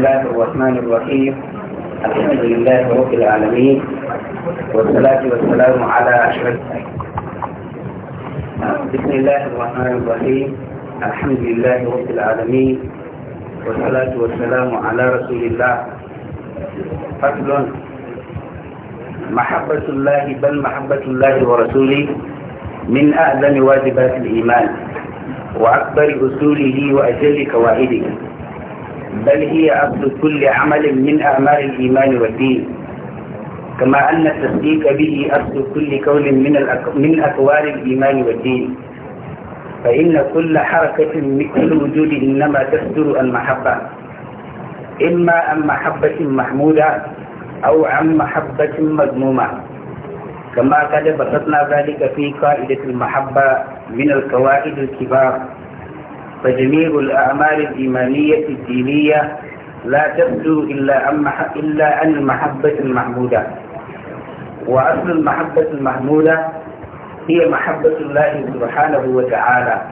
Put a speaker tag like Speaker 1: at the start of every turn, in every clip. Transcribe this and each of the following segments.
Speaker 1: الله الرحمن الرحيم الحمد لله رب العالمين والصلاة والسلام على أشرف بسم الله الرحمن الرحيم الحمد لله رب العالمين والصلاة والسلام على رسول الله فصل محبة الله بل محبة الله ورسوله من أعظم واجبات الإيمان وأكبر أصوله وأجل قواعده بل هي أصل كل عمل من أعمال الإيمان والدين كما أن التصديق به أصل كل كون من, الأك... من أكوان الإيمان والدين فإن كل حركة من كل وجود إنما تصدر عن محبة إما عن محبة محمودة أو عن محبة مذمومة كما قد بسطنا ذلك في قاعدة المحبة من القواعد الكبار فجميع الأعمال الإيمانية الدينية لا تبدو إلا عن إلا عن المحبة المحمودة وأصل المحبة المحمودة هي محبة الله سبحانه وتعالى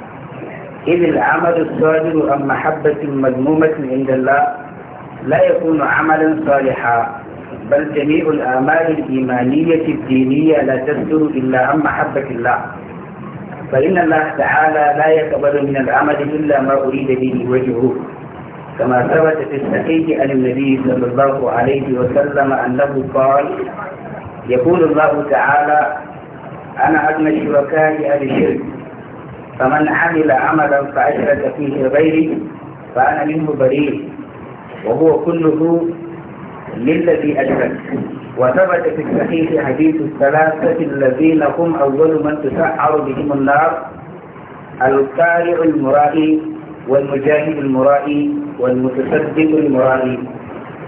Speaker 1: إذ العمل الصادر عن محبة مذمومة عند الله لا يكون عملا صالحا بل جميع الأعمال الإيمانية الدينية لا تبدو إلا عن محبة الله فإن الله تعالى لا يقبل من العمل إلا ما أريد به وجهه كما ثبت في الصحيح عن النبي صلى الله عليه وسلم أنه قال يقول الله تعالى أنا أغنى شركاء أهل الشرك فمن عمل عملا فأشرك فيه غيري فأنا منه بريء وهو كله للذي أشرك وثبت في الصحيح حديث الثلاثة الذين هم أول من تسعر بهم النار القارع المرائي والمجاهد المرائي والمتصدق المرائي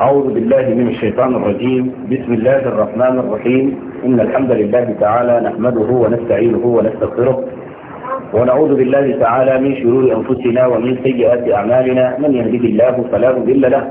Speaker 1: أعوذ بالله من الشيطان الرجيم بسم الله الرحمن الرحيم إن الحمد لله تعالى نحمده ونستعينه ونستغفره ونعوذ بالله تعالى من شرور أنفسنا ومن سيئات أعمالنا من يهده الله فلا مضل له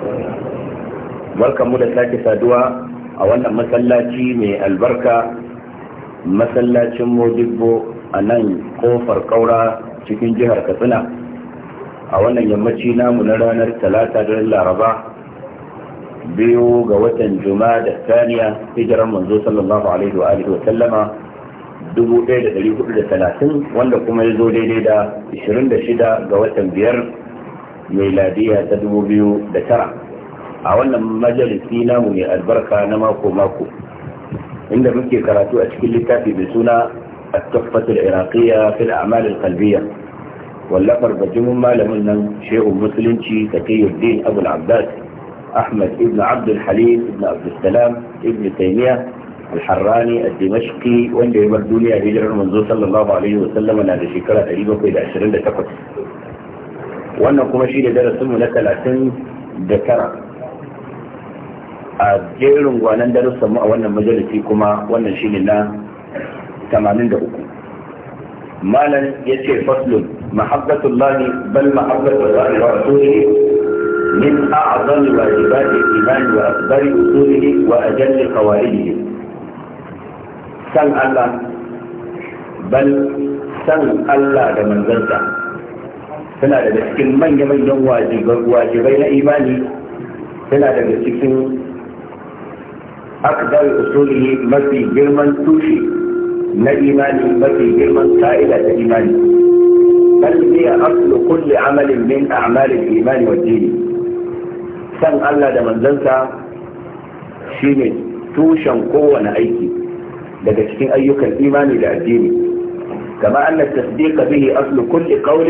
Speaker 1: barkanmu da sake saduwa a wannan masallaci mai albarka masallacin modibbo a nan kofar kaura cikin jihar katsina a wannan yammaci namu na ranar talata da laraba biyu ga watan juma da saniya hijirar manzo sallallahu alaihi wa alihi wa sallama 1430 wanda kuma ya zo daidai da 26 ga watan biyar mai ladiya ta 2009 a wannan majalisi namu mai albarka na mako-mako inda muke karatu a cikin littafi mai suna a tafasar iraqiyya fil amalin kalbiya wallafar bajimin malamin nan shehun musulunci sake yardin abu abbas ahmad ibn abdul halim ibn abdulsalam bar duniya الحراني الدمشقي وين جايب الدنيا هجرة منذ صلى الله عليه وسلم أنا هذا الشكل تقريبا في العشرين دقيقة وأنا كما شيء درس منك لكن ذكرت a jerin gwanan darussa mu a wannan majalisi kuma wannan shine na 83 malam ya ce faslun ne bal mahabbatullahi wa rasulihi min a'zami wajibati al-iman wa akbari usulihi wa ajalli qawaidihi san Allah bal san Allah da manzansa suna daga cikin manya-manyan wajibai na imani suna daga cikin أكبر أصوله مفي جرمان توشي من الإيمان مفي جرمان سائلة الإيمان بل هي أصل كل عمل من أعمال الإيمان والدين سن الله دا من زنسا شيني توشن قوة نأيكي لدى شكين أيك الإيمان إلى الدين كما أن التصديق به أصل كل قول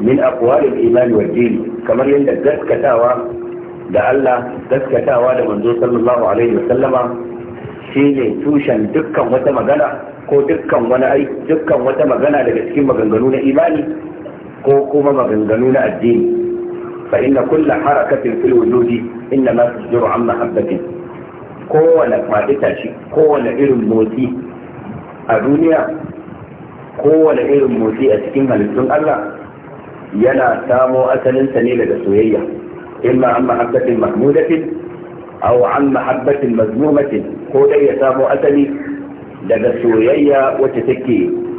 Speaker 1: من أقوال الإيمان والدين كما لأن كتاوى da Allah gaskatawa da manzo sallallahu alaihi wasallama shine tushen dukkan wata magana ko dukkan wani aiki dukkan wata magana daga cikin maganganu na imani ko kuma maganganu na addini fa inna kullu harakatin fil wujudi inna ma tajru an mahabbatin kowane fadita shi kowane irin motsi a duniya kowane irin motsi a cikin halittun Allah yana samo asalinsa ne daga soyayya إما عن محبة محمودة أو عن محبة مذمومة ko dai ya samo asali daga soyayya wacce take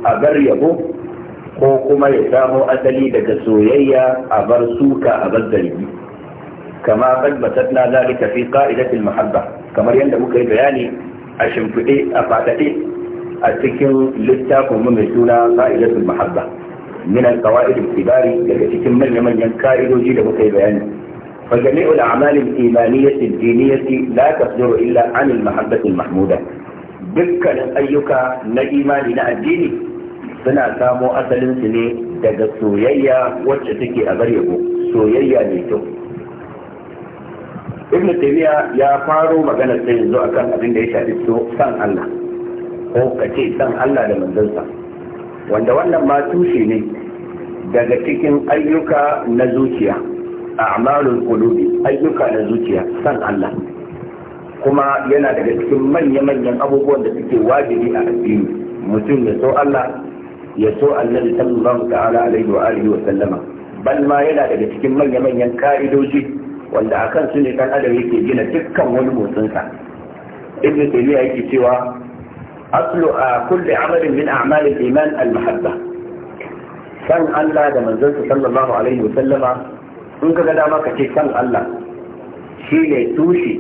Speaker 1: a bar yabo ko kuma ya samo asali daga soyayya a bar suka a bar kama kan basatna zalika fi qa'idatil mahabba kamar yadda muka yi bayani a shimfiɗe a fadade a cikin littafin mu mai suna qa'idatul mahabba min al daga cikin ka'idoji da muka yi bayani فجميع الأعمال الإيمانية الدينية لا تصدر إلا عن المحبة المحمودة dukkanin ayyuka na imani na addini suna samo asalinsu ne daga soyayya wacce take a yabo soyayya mai kyau ibn taymiya ya faro magana sai yanzu akan abin da ya shafi so san Allah ko kace san Allah da manzansa wanda wannan ma tushe ne daga cikin ayyuka na zuciya a a'malul qulubi ayyuka na zuciya san Allah kuma yana daga cikin manya-manyan abubuwan da suke wajibi a addini mutum ya so Allah ya so annabi sallallahu ta'ala alaihi wa alihi wa sallama bal ma yana daga cikin manya-manyan ka'idoji wanda akan su ne kan adam yake gina dukkan wani motsinsa ibn taymiya yake cewa aslu a kulli amalin min a'mal al-iman al-mahabba san Allah da manzon sallallahu alaihi wa sallama in ka ga dama ka ce san Allah shi ne tushe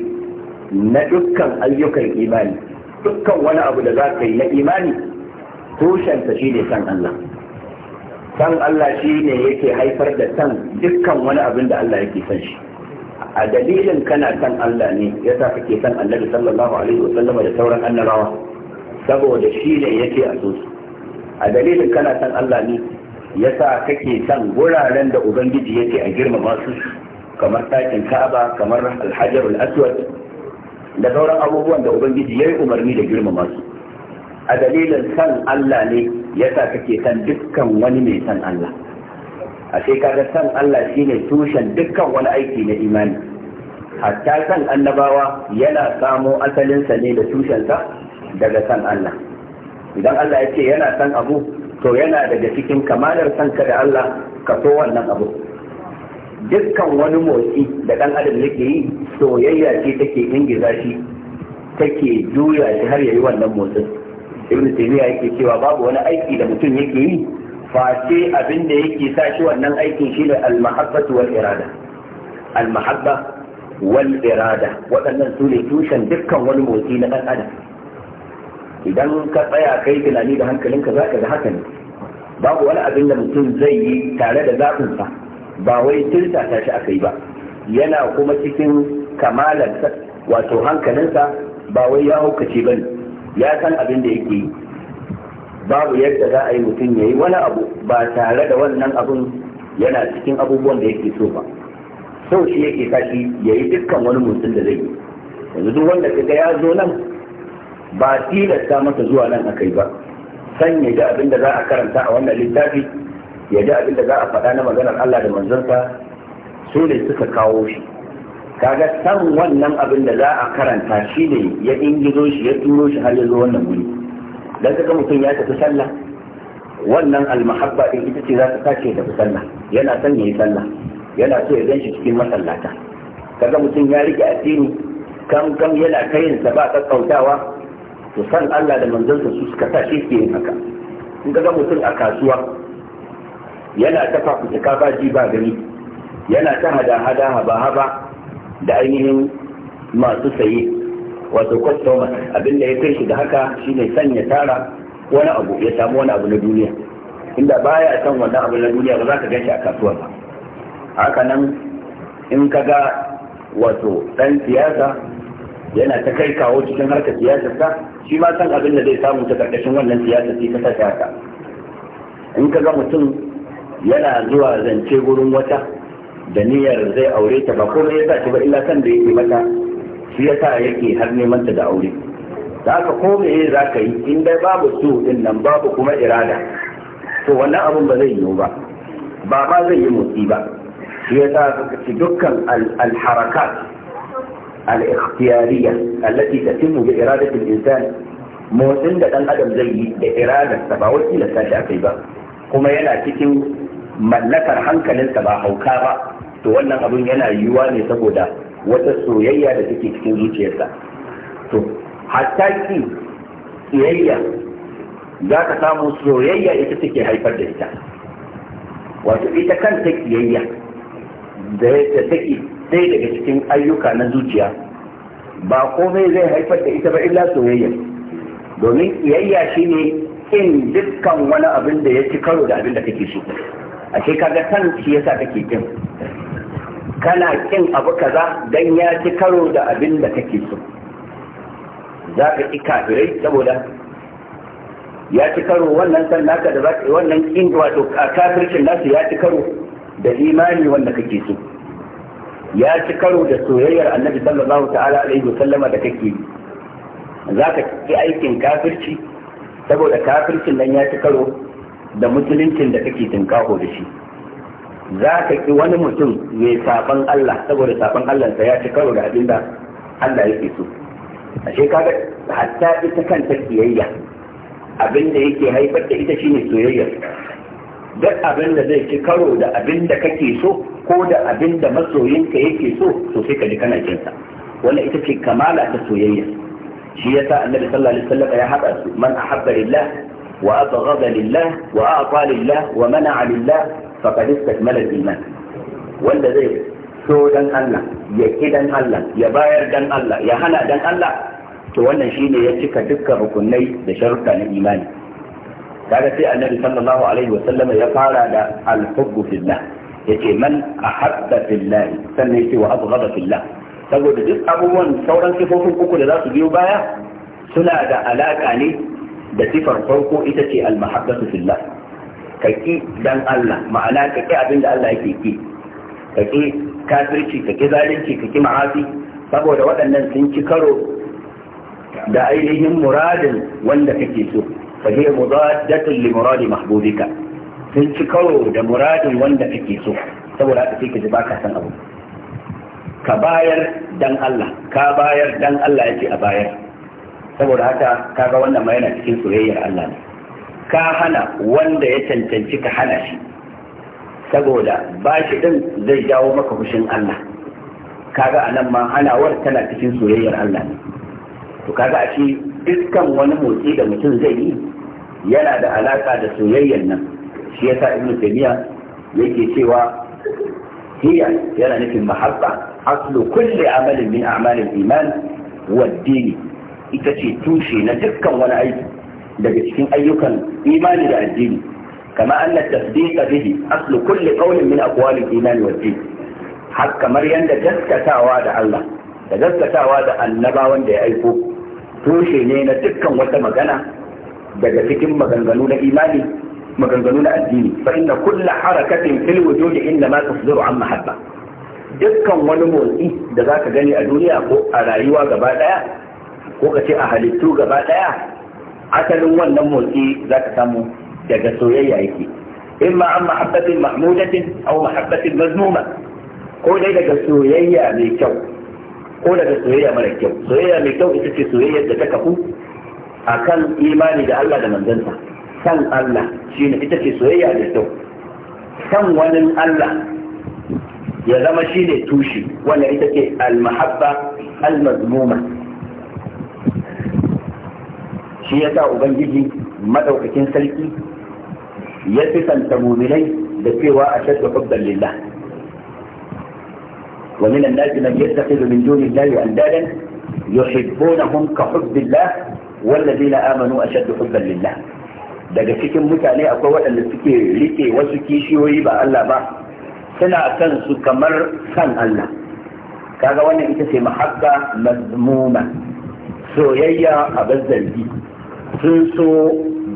Speaker 1: na dukkan ayyukan imani dukkan wani abu da za ka yi na imani tushensa shi ne san Allah san Allah shi ne yake haifar da san dukkan wani abin da Allah yake san shi a dalilin kana san Allah ne yasa kake san Annabi sallallahu alaihi wasallama da sauran annabawa saboda shi ne yake a so a dalilin kana san Allah ne yasa kake san wuraren da ubangiji yake a girmama su kamar takin kaba kamar alhajar aswad da sauran abubuwan da ubangiji ya yi umarni da girmama su a dalilin san allah ne yasa kake son dukkan wani mai san allah a sai kaga san allah shine tushen dukkan wani aiki na imani hatta san annabawa yana samo asalinsa ne da tushensa daga san allah idan allah ya ce yana san abu to yana daga cikin kamalar kanka da Allah ka so wannan abu dukkan wani motsi da ɗan adam yake yi soyayya ce take ingiza shi take juya shi har yayi wannan motsin ibn taymiya yake cewa babu wani aiki da mutum yake yi face abin da yake sa shi wannan aikin shine al wal irada al wal irada waɗannan su ne tushen dukkan wani motsi na ɗan adam idan ka tsaya kai tunani da hankalinka za ka ga haka ne babu wani abin da mutum zai yi tare da zafinsa ba wai tilta ta shi aka yi ba yana kuma cikin kamalarsa wato hankalinsa ba wai ya hukace ba ne ya san abin da yake yi babu yadda za a yi mutum ya yi wani abu ba tare da wannan abun yana cikin abubuwan da yake so ba sau shi yake tashi ya yi dukkan wani mutum da zai yi yanzu duk wanda kaga ya zo nan ba tilasta masa zuwa nan akai ba san ya ji abin da za a karanta a wannan littafi ya ji abin da za a faɗa na maganar Allah da manzansa su ne suka kawo shi kaga san wannan abin da za a karanta shi ne ya ingizo shi ya turo shi har ya zo wannan guri dan kaga mutum ya tafi sallah wannan almahabba din ita ce za ta sace da sallah yana son yayi sallah yana so ya ganshi cikin masallata kaga mutum ya rike addini, kam kam yana kayin sa ba to san Allah da manzansa su suka tashi ke yin haka in ga mutum a kasuwa yana ta fafutuka ba ji ba gari yana ta hada hada ba haba da ainihin masu saye wato customer abin da ya kai shi da haka shine sanya tara wani abu ya samu wani abu na duniya inda baya san wannan abu na duniya ba za ka gashi a kasuwa ba haka nan in ka ga wato dan siyasa yana ta kai kawo cikin harkar siyasarsa shi ma san abin da zai samu ta karkashin wannan siyasar sai ka saka haka in ka ga mutum yana zuwa zance gurin wata da niyyar zai aure ta ba komai ya sa ba illa kan da yake mata shi ya sa yake har neman ta da aure da haka ko me za ka yi in dai babu su din nan babu kuma irada to wannan abun ba zai yiwu ba ba ma zai yi motsi ba shi ya sa dukkan alharakat al-ikhtiyariyya allati tatimmu bi iradati al-insan motsin da dan adam zai yi da iradarsa ba wai tilasta shi akai ba kuma yana cikin mallakar hankalinsa ba hauka ba to wannan abun yana yiwuwa ne saboda wata soyayya da take cikin zuciyarsa to hatta ki kiyayya za ka samu soyayya ita take haifar da ita wato ita kanta kiyayya da take ɗaya daga cikin ayyuka na zuciya ba komai zai haifar da ita ba illa soyayya domin kiyayya ne in dukkan wani abin da ya ci karo da abin da kake so ashe kaga san shi yasa kake kin kana kin abu kaza dan ya ci karo da abin da kake so za ka ki kafirai saboda ya ci karo wannan san naka da wannan kin wato kafircin nasu ya ci karo da imani wanda kake so ya ci karo da soyayyar annabi sallallahu ta'ala alaihi wasallama da kake yi za ka ki aikin kafirci saboda kafircin nan ya ci karo da musuluncin da kake tinkaho da shi za ka ki wani mutum mai saban Allah saboda saban Allah sa ya ci karo da abin da Allah yake so ashe kaga hatta ita kanta kiyayya abin da yake haifar da ita shine soyayyar. duk abin da zai ci karo da abin da kake so ko da abin da masoyinka yake so to sai ka ji kana jin sa wannan ita ce kamala ta soyayya shi yasa annabi sallallahu alaihi wasallam ya haɗa su man ahabba lillah wa abghada lillah wa a'ta lillah wa mana'a lillah faqad istakmala iman wanda zai so dan Allah ya ki dan Allah ya bayar dan Allah ya hana dan Allah to wannan shine ya cika dukkan rukunai da sharuɗa na imani kaga sai annabi sallallahu alaihi wa sallam ya fara da al-hubbu fillah yace man ahabba fillah sannan yace wa abghada fillah saboda duk abubuwan sauran sifofin uku da za su biyo baya suna da alaka ne da sifar farko ita ce al-mahabbatu fillah kaki dan Allah ma'ana kaki abin da Allah yake ki kaki kafirci kaki zalunci kaki ma'asi saboda waɗannan sun ci karo da ainihin muradin wanda kake so fa hiya mudadatun li muradi mahbubika sun ci karo da muradin wanda kake so saboda haka sai ka ji baka san abu ka bayar dan Allah ka bayar dan Allah yake a bayar saboda haka kaga wannan ma yana cikin soyayyar Allah ne ka hana wanda ya cancanci ka hana shi saboda bashi ɗin zai jawo maka fushin Allah Ka kaga anan ma hanawar tana cikin soyayyar Allah ne to kaga a shi dukkan wani motsi da mutum zai yi yana da alaka da soyayyar nan shi yasa ibn taymiya yake cewa hiya yana nufin mahabba aslu kulli amalin min a'malil iman wa dini ita ce tushe na dukkan wani aiki daga cikin ayyukan imani da addini kama anna tasdiqa bihi aslu kulli qawlin min aqwalil iman wa din har kamar yadda gaskatawa da Allah da gaskatawa da annabawan da ya aiko tushe ne na dukkan wata magana daga cikin maganganu na imani maganganu na addini fa inna kullu harakatin fil wujudi inna ma tasdiru an mahabba dukkan wani motsi da zaka gani a duniya ko a rayuwa gaba daya ko ka ce a halittu gaba daya asalin wannan motsi zaka samu daga soyayya yake imma an mahabbatin mahmudatin aw mahabbatin maznuma ko dai daga soyayya mai kyau ko daga soyayya mara kyau soyayya mai kyau ita ce soyayya da ta kafu akan imani da Allah da manzansa san Allah shine ita ce soyayya da kyau san wani Allah ya zama shine tushe wannan ita ce al-mahabba al-mazmuma shi yasa ubangiji madaukakin sarki ya fi santa muminai da cewa a shaɗa hubban lillah wa min an-nasi man yattakhidhu min duni llahi andadan yuhibbunahum ka hubbillah wallazina amanu ashaddu hubban lillah daga cikin mutane akwai waɗanda suke riƙe wasu kishiyoyi ba Allah ba suna kan su kamar san Allah kaga wannan ita ce mahabba mazmuma soyayya a zargi sun so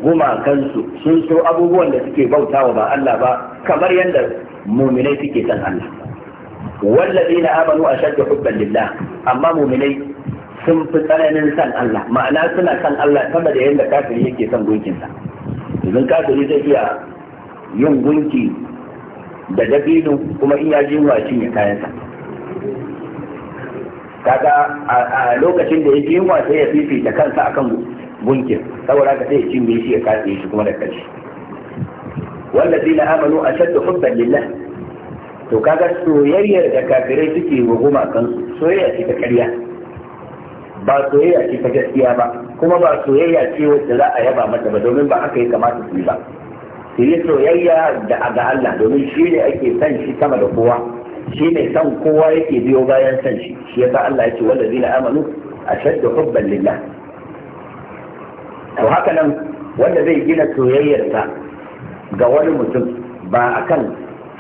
Speaker 1: gumakansu sun so abubuwan da suke bautawa ba Allah ba kamar yadda muminai suke san Allah wallazina amanu ashaddu hubban lillah amma muminai sun fi tsananin san Allah ma'ana suna san Allah sama da yadda kafiri yake son gunkinsa domin kafiri zai iya yin gunki da dabino kuma in ya jin wacin ya kayansa kaga a lokacin da ya yin yunwa sai ya fifita kansa akan gunkin saboda ka sai ya cinye shi ya kafe shi kuma da kashi wallazina amanu ashaddu hubban lillah to kaga soyayyar da kafirai suke wa kan soyayya ce ta ƙarya ba soyayya ce ta gaskiya ba kuma ba soyayya ce wacce za a yaba mata ba domin ba haka ya kamata su yi ba su yi soyayya da ga Allah domin shi ne ake san shi sama da kowa shi ne san kowa yake biyo bayan san shi shi yasa Allah ya ce wallazina amanu ashaddu hubban lillah to haka nan wanda zai gina soyayyarsa ga wani mutum ba akan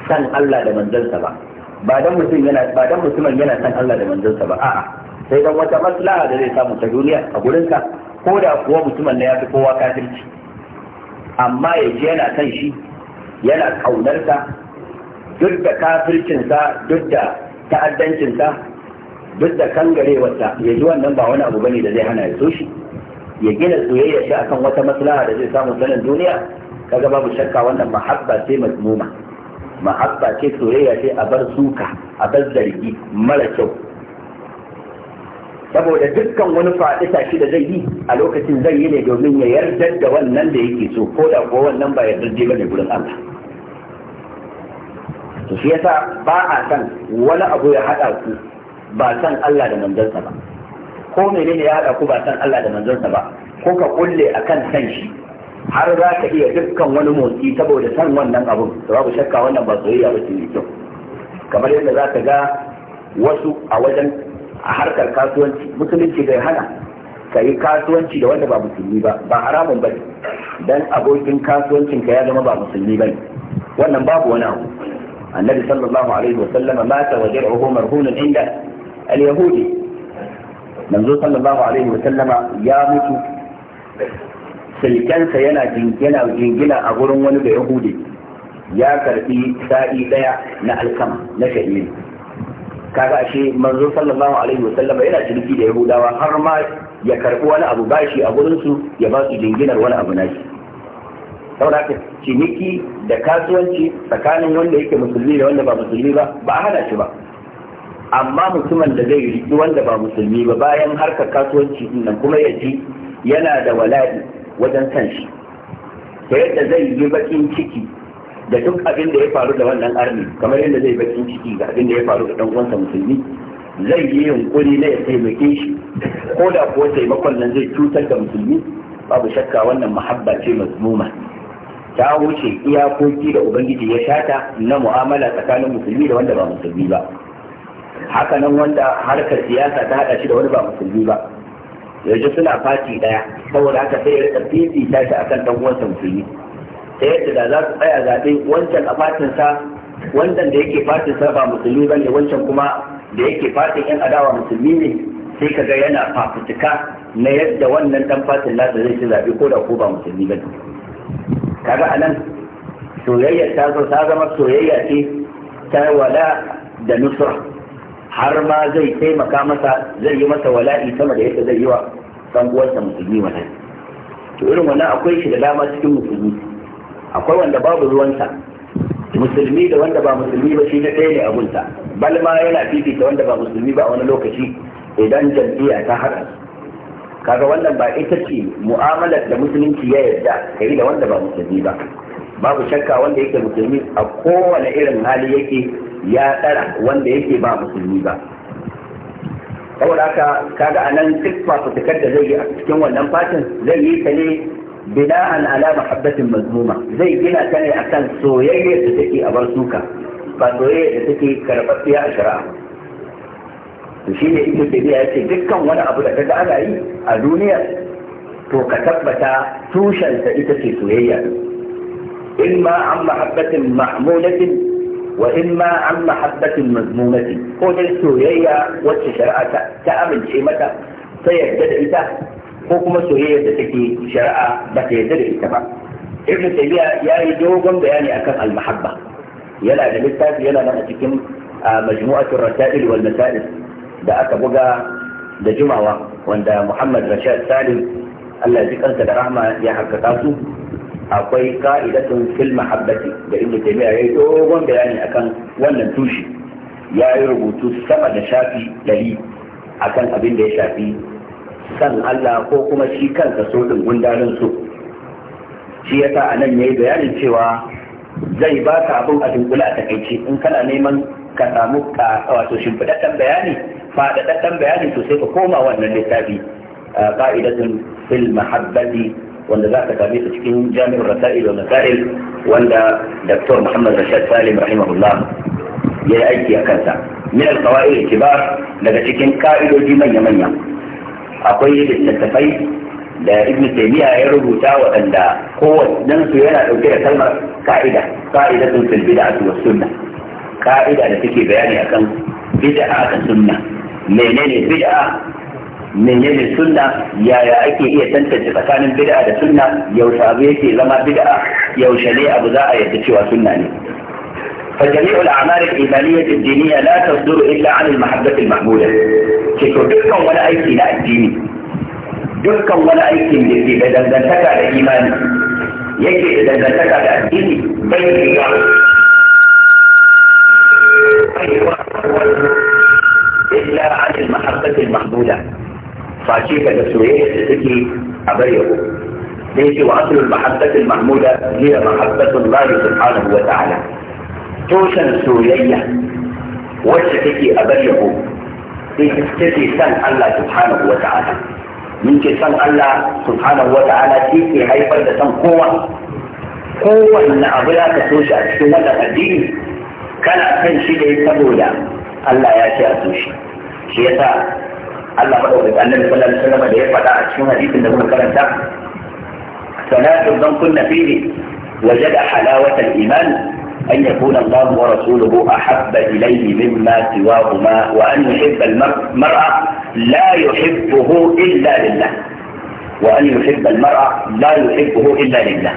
Speaker 1: san Allah da manzansa ba ba dan mutum yana ba dan mutumin yana san Allah da manzansa ba a'a sai dan wata maslaha da zai samu ta duniya a gurinka ko da kuwa mutumin na ya fi kowa kafirci amma ya ji yana kan shi yana kaunarsa duk da kafircinsa duk da ta'addancinsa duk da kangarewarsa ya ji wannan ba wani abu bane da zai hana ya so shi ya gina soyayya shi akan wata maslaha da zai samu sanin duniya kaga babu shakka wannan mahabba ce mazmuma mahabba ce soyayya ce a bar suka a bar zargi mara kyau saboda dukkan wani faɗi tashi da zai yi a lokacin zai yi ne domin ya yarda da wannan da yake so ko da ko wannan ba yarda ba ne gurin Allah to shi yasa ba a san wani abu ya haɗa ku ba san Allah da manzansa ba ko menene ya haɗa ku ba san Allah da manzansa ba ko ka kulle akan san shi har za ka iya dukkan wani motsi saboda san wannan abun to babu shakka wannan ba soyayya ba ce mai kyau kamar yadda za ka ga wasu a wajen a harkar kasuwanci musulunci bai hana ka yi kasuwanci da wanda ba musulmi ba ba haramun ba dan abokin kasuwancin ka ya zama ba musulmi ba wannan babu wani abu annabi sallallahu alaihi wasallam mata wa jir'uhu marhunan inda al-yahudi manzo sallallahu alaihi wasallama ya mutu silkensa yana yana jingina a gurin wani da yahudi ya karbi sa'i daya na alkama na sha'iri kaga ashe manzo sallallahu alaihi wa sallama yana jirgi da yahudawa har ma ya karbi wani abu ba shi a gurin su ya ba su jinginar wani abu nashi saboda haka ciniki da kasuwanci tsakanin wanda yake musulmi da wanda ba musulmi ba ba a hana shi ba amma mutumin da zai riki wanda ba musulmi ba bayan harkar kasuwanci nan kuma ya ji yana da wala'i wajen san shi ta yadda zai yi bakin ciki da duk abin da ya faru da wannan armi kamar yadda zai bakin ciki ga abin da ya faru da dan uwansa musulmi zai yi yunkuri na ya taimake shi ko da kuwa taimakon nan zai cutar da musulmi babu shakka wannan muhabba ce mazmuma ta wuce iyakoki da ubangiji ya shata na mu'amala tsakanin musulmi da wanda ba musulmi ba haka nan wanda harkar siyasa ta hada shi da wani ba musulmi ba yanzu suna fati ɗaya saboda haka sai ya rika fifita shi akan dan uwansa musulmi ta yadda da za su tsaya zaɓe wancan a fatinsa wancan da yake fatinsa ba musulmi ba ne wancan kuma da yake fatin yan adawa musulmi ne sai ka ga yana fafutuka na yadda wannan dan fatin nasa zai ci zaɓe ko da ko ba musulmi ba ne kaga a nan soyayya ta zo ta zama soyayya ce ta wala da nusra har ma zai taimaka masa zai yi masa wala'i sama da yadda zai yi wa sanguwarsa musulmi musulmi wannan to irin wannan akwai shi da dama cikin musulmi akwai wanda babu ruwansa musulmi da wanda ba musulmi ba shi na ɗaya ne abunsa bal ma yana fifita wanda ba musulmi ba a wani lokaci idan jam'iyya ta haɗa kaga wannan ba ita ce mu'amalar da musulunci ya yarda kai da wanda ba musulmi ba babu shakka wanda yake musulmi a kowane irin hali yake ya tsara wanda yake ba musulmi ba saboda haka kaga anan duk fafutukar da zai yi a cikin wannan fatin zai yi ta ne بناء على محبة مذمومة زي كنا كان أكان سويه تتكي أبر سوكا فسويه تتكي كربت فيها أشراء وشيني إنه تبيع أشي جدكا وانا أبو لكذا على أي أدونيا تو كتبتا سوشا تتكي سويه إما عن محبة محمولة وإما عن محبة مذمومة قول ده سويه وش شرعة تأمن شيمتا سيجد إذا ko kuma soyayyar da take shari'a ba ta yarda da ita ba ibn taymiya ya yi dogon bayani akan al-mahabba yana da littafi yana nan a cikin majmu'atul rasail wal masail da aka buga da jimawa wanda Muhammad Rashad Salim Allah ya kansa da rahma ya harkata su akwai ka'idatun fil mahabbati da ibn taymiya ya yi dogon bayani akan wannan tushe ya yi rubutu sama da shafi 100 akan abin da ya shafi san Allah ko kuma shi kansa so din gundarin su shi yasa a nan yayi bayanin cewa zai ba ka abin a dunkula a takaice in kana neman ka samu wato shimfiɗaɗɗen bayani faɗaɗɗen bayani to sai ka koma wannan littafi ka'idatun fil mahabbati wanda za ka same su cikin jami'in rasail wa masail wanda Dr. Muhammad Rashad Salim rahimahullah ya yi aiki a kansa min al-qawaid kibar daga cikin ka'idoji manya-manya akwai littattafai da ibn taymiya ya rubuta waɗanda kowannen su yana ɗauke da kalmar ka'ida Ka'ida sun fil bid'a wa sunna ka'ida da take bayani akan bid'a da sunna menene bid'a menene sunna yaya ake iya tantance tsakanin bid'a da sunna yaushe abu yake zama bid'a yaushe ne abu za a yadda cewa sunna ne فجميع الأعمال الإيمانية الدينية لا تصدر إلا عن المحبة المحموله كيف دكا ولا أي سيناء الديني دكا ولا أي سلاء إذا دنتك على الايمان يجب إذا دنتك على الديني بين الايمان إلا عن المحبة المحمودة فاشيك تسويه تتكي أبيه ليش وأصل المحبة المحمودة هي محبة الله سبحانه وتعالى tushen soyayya wacce take a bayyabo take san Allah subhanahu wa ta'ala mun ce san Allah subhanahu wa ta'ala shi ke haifar da san kowa kowanne abu ya ka so shi a cikin wannan addini kana kan shi ne saboda Allah ya ce a so shi shi yasa Allah madaukakin annabi sallallahu alaihi wasallam da ya faɗa a cikin hadisin da muka karanta sanatu zan kunna fihi wajada halawata al-iman أن يكون الله ورسوله أحب إليه مما سواهما وأن يحب المرأة لا يحبه إلا لله وأن يحب المرأة لا يحبه إلا لله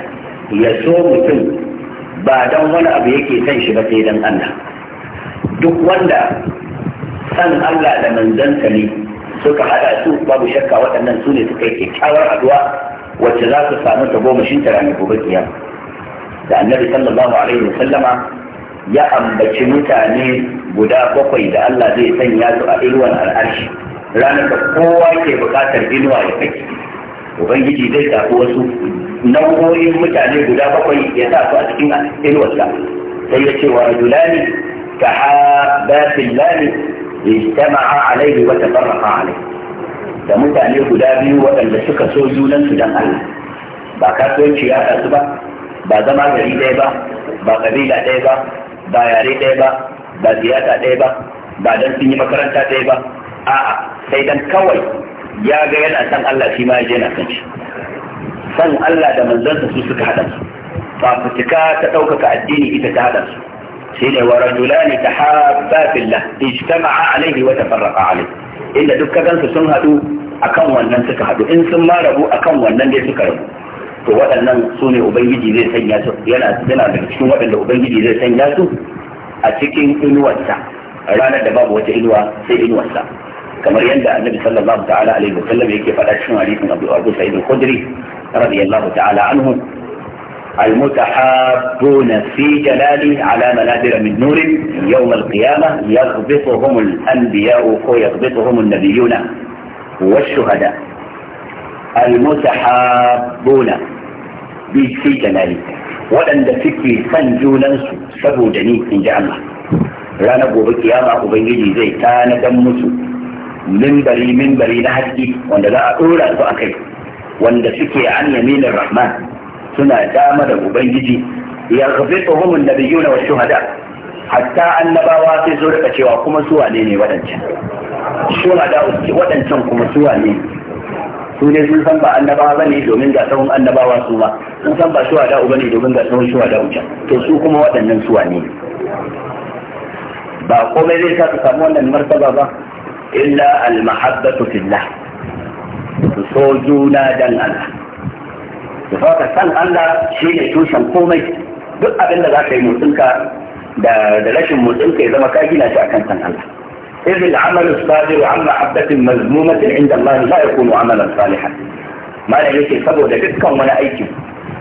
Speaker 1: يسوم ثم بعد ان ولا ابي يكي تنشبك اذا انا دك ولا سن الا لمن زنتني سك على سوء باب شكا وانا سوني تكيكي حاول ادواء وتزاق صامت ابو مشيت عن ابو بكيا da annabi sallallahu alaihi wasallama ya ambaci mutane guda bakwai da Allah zai sanya su a inuwan al'arshi ranar da kowa ke bukatar inuwa ya kai ubangiji zai tafi wasu nau'o'in mutane guda bakwai ya sa su a cikin inuwarsa sai ya ce wa rajulani ka haɓa fillani ijtama'a alaihi wa tafarraqa alaihi da mutane guda biyu waɗanda suka so junansu dan Allah ba kasuwanci ya su ba ba zama gari ɗaya ba ba ƙabila ɗaya ba ba yare ɗaya ba ba siyasa ɗaya ba ba dan sun yi makaranta ɗaya ba a'a sai dan kawai ya ga yana san Allah shi ma ya je na san shi san Allah da manzansa su suka haɗa su ba fitika ta ɗaukaka addini ita ta haɗa su shi ne wa rajulani tahabba fillah ijtama'a alaihi wa tafarraqa alaihi inda duk kagansu sun haɗu akan wannan suka haɗu in sun ma rabu akan wannan dai suka rabu to waɗannan su ne ubangiji zai sanya su yana yana daga cikin waɗanda ubangiji zai sanya su a cikin inuwarsa ranar da babu wata inuwa sai inuwarsa kamar yadda annabi sallallahu ta'ala alaihi wa sallam yake faɗa cikin hadisin abu abu sa'id al-khudri radiyallahu ta'ala anhu المتحابون في جلالي على منابر من نور يوم القيامة يغبطهم الأنبياء ويغبطهم النبيون والشهداء المتحابون في جلالي waɗanda suke son junansu saboda ni in ji Allah ranar gobe kiyama ubangiji zai tanadan musu mimbari mimbari na haske wanda za a ɗora su a kai wanda suke an yaminin rahman suna dama da ubangiji ya rufe tsohon da biyu na hada hatta annabawa sai zo rika cewa kuma su wane ne waɗancan shuhada waɗancan kuma su ne su ne sun san ba annabawa ne domin ga sahun annabawa su ma sun san ba shuwa da'u ne domin ga sahun shuwa da'u can to su kuma waɗannan suwa ne ba komai zai sa su samu wannan martaba ba illa al-mahabbatu fillah su so juna dan Allah da saka san Allah shi ne tushen komai duk abin da za ka yi motsinka da rashin motsinka ya zama ka gina shi akan san Allah إذ العمل الصادر عن محبة مذمومة عند الله لا يكون عملا صالحا ما يجي سبب ذلك ولا أيكم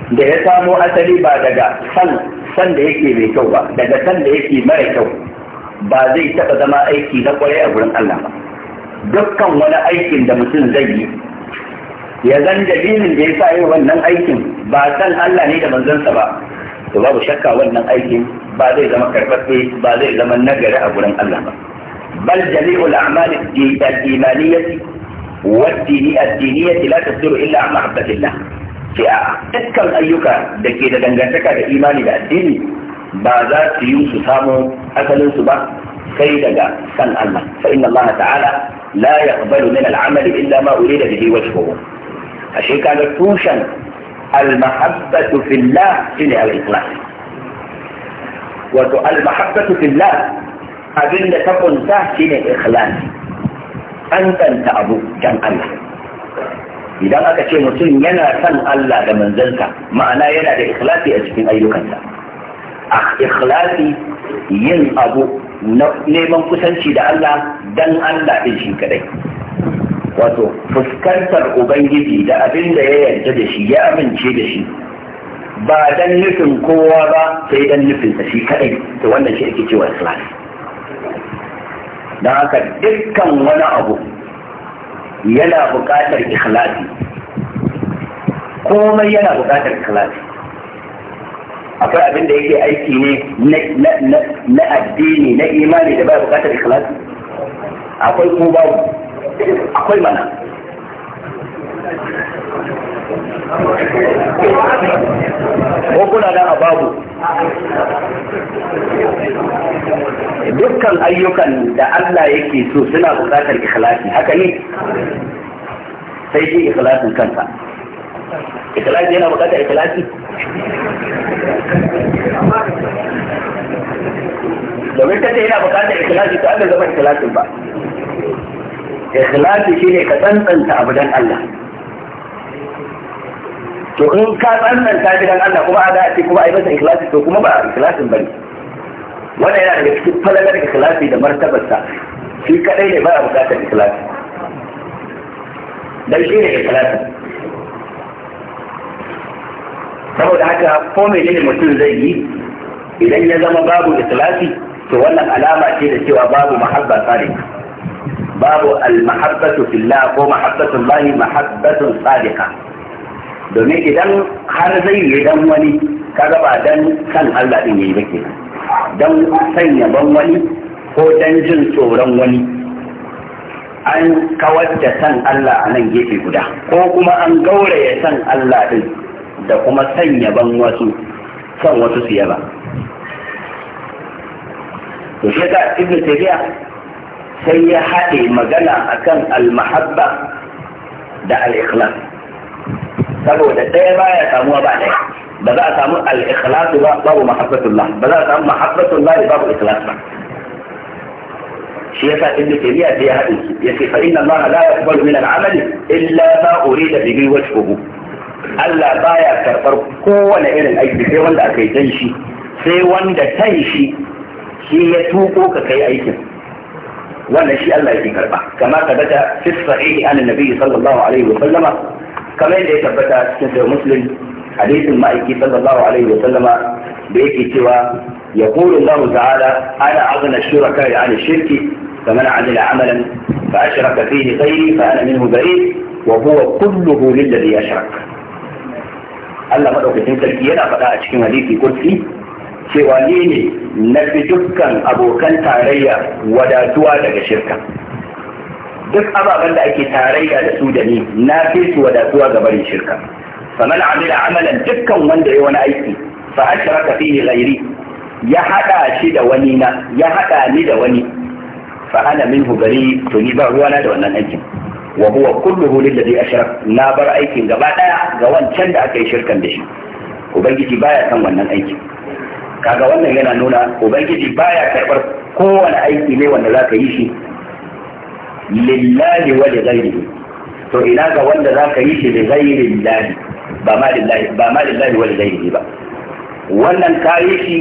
Speaker 1: da ya samo asali ba daga san sanda yake mai kyau ba daga san yake mara kyau ba zai taɓa zama aiki na kwarai a gurin Allah ba dukkan wani aikin da mutum zai yi ya zan dalilin da ya sa yi wannan aikin ba san Allah ne da manzansa ba to babu shakka wannan aikin ba zai zama karfafe ba zai zama nagari a gurin Allah ba بل جميع الأعمال الإيمانية والدينية الدينيه لا تصدر إلا عن محبة الله في اتكل أيك دكي دنجتك إيماني الدين بازات يوسف سامو أكل سبا كيدك سن الله فإن الله تعالى لا يقبل من العمل إلا ما أريد به وجهه الشيء كان توشن المحبة في الله في الإخلاص وتو المحبة في الله abin da ta kunta shi ne ikhlasi an abu don Allah idan aka ce mutum yana son Allah da manzanta ma'ana yana da ikhlasi a cikin ayyukansa a ah, ikhlasi yin abu na neman kusanci da Allah dan Allah din shi kadai wato fuskantar ubangiji da abin da ya yarda da shi ya amince da shi ba dan nufin kowa ba sai dan sa shi kadai to wannan shi ake cewa ikhlasi don haka dukkan wani abu yana buƙatar ikhlasi komai yana buƙatar ikhlasi akwai abin da yake aiki ne na addini na imani da bai buƙatar ikhlasi akwai ko babu akwai mana ko kuna da a babu dukkan ayyukan da Allah yake so suna bukatar ikhlasi haka ne sai shi ikhlasin kansa ikhlasi yana bukatar ikhlasi domin ta ce yana bukatar ikhlasi to Allah zama ikhlasin ba ikhlasi ne ka tsantsanta abu dan Allah to in ka ta tsananta gidan Allah kuma a da ce kuma a yi masa ikhlasi to kuma ba ikhlasin bane wannan yana daga cikin falalar ikhlasi da martabarsa shi kadai ne ba a bukatar ikhlasi dan shi ne ikhlasi saboda haka ko me ne mutum zai yi idan ya zama babu ikhlasi to wannan alama ce da cewa babu mahabba sadiqa babu al-mahabbatu fillah ko mahabbatu Allah mahabbatun sadiqa domin idan har zai yi dan wani kaga ba dan kan Allah din yayi ba dan sanya ban wani ko dan jin tsoron wani an kawar da san Allah a nan gefe guda ko kuma an gauraya san Allah din da kuma sanya ban wasu san wasu su yaba to shi ka ibnu tabiya sai ya haɗe magana akan al-mahabba da al-ikhlas saboda ɗaya ba ya samuwa ba ɗaya ba za a samu al-ikhlas ba babu mahabbatullah ba za a samu mahabbatullah babu ikhlas ba shi yasa ibnu taymiya sai ya haɗe su yace fa inna allaha la yaqbalu min al-amal illa ma urida bihi wajhuhu Allah baya karɓar kowane irin aiki sai wanda aka yi dan shi sai wanda tan shi shi ya tuko ka kai aikin wannan shi Allah yake karba kama ka bata fi sahihi an annabi sallallahu alaihi wa sallama kamar da ya tabbata a cikin sahih muslim hadisin ma'aiki sallallahu alaihi wa sallama da yake cewa يقول الله تعالى أنا أغنى الشركاء عن الشرك فمن عمل عملا فأشرك فيه غيري فأنا منه بريء وهو كله للذي أشرك Allah madaukakin sarki yana faɗa a cikin hadisi kursi cewa ni ne na fi dukkan abokan tarayya wadatuwa daga shirka duk ababen da ake tarayya da su da ni na fi su wadatuwa ga barin shirka faman amila amalan dukkan wanda ya wani aiki fa ashraka fihi ghairi ya hada shi da wani na ya hada ni da wani fa ana minhu bari to ni ba ruwana da wannan aikin wa huwa kulluhu lilladhi ashrak na bar aikin gaba daya ga wancan da aka yi shirkan da shi ubangiji baya san wannan aikin kaga wannan yana nuna ubangiji baya karbar kowane aiki ne wanda zaka yi shi lillahi wa li ghairihi to ina ga wanda zaka yi shi li ghairi lillahi ba ma lillahi ba ma lillahi wa li ghairihi ba wannan ka yi shi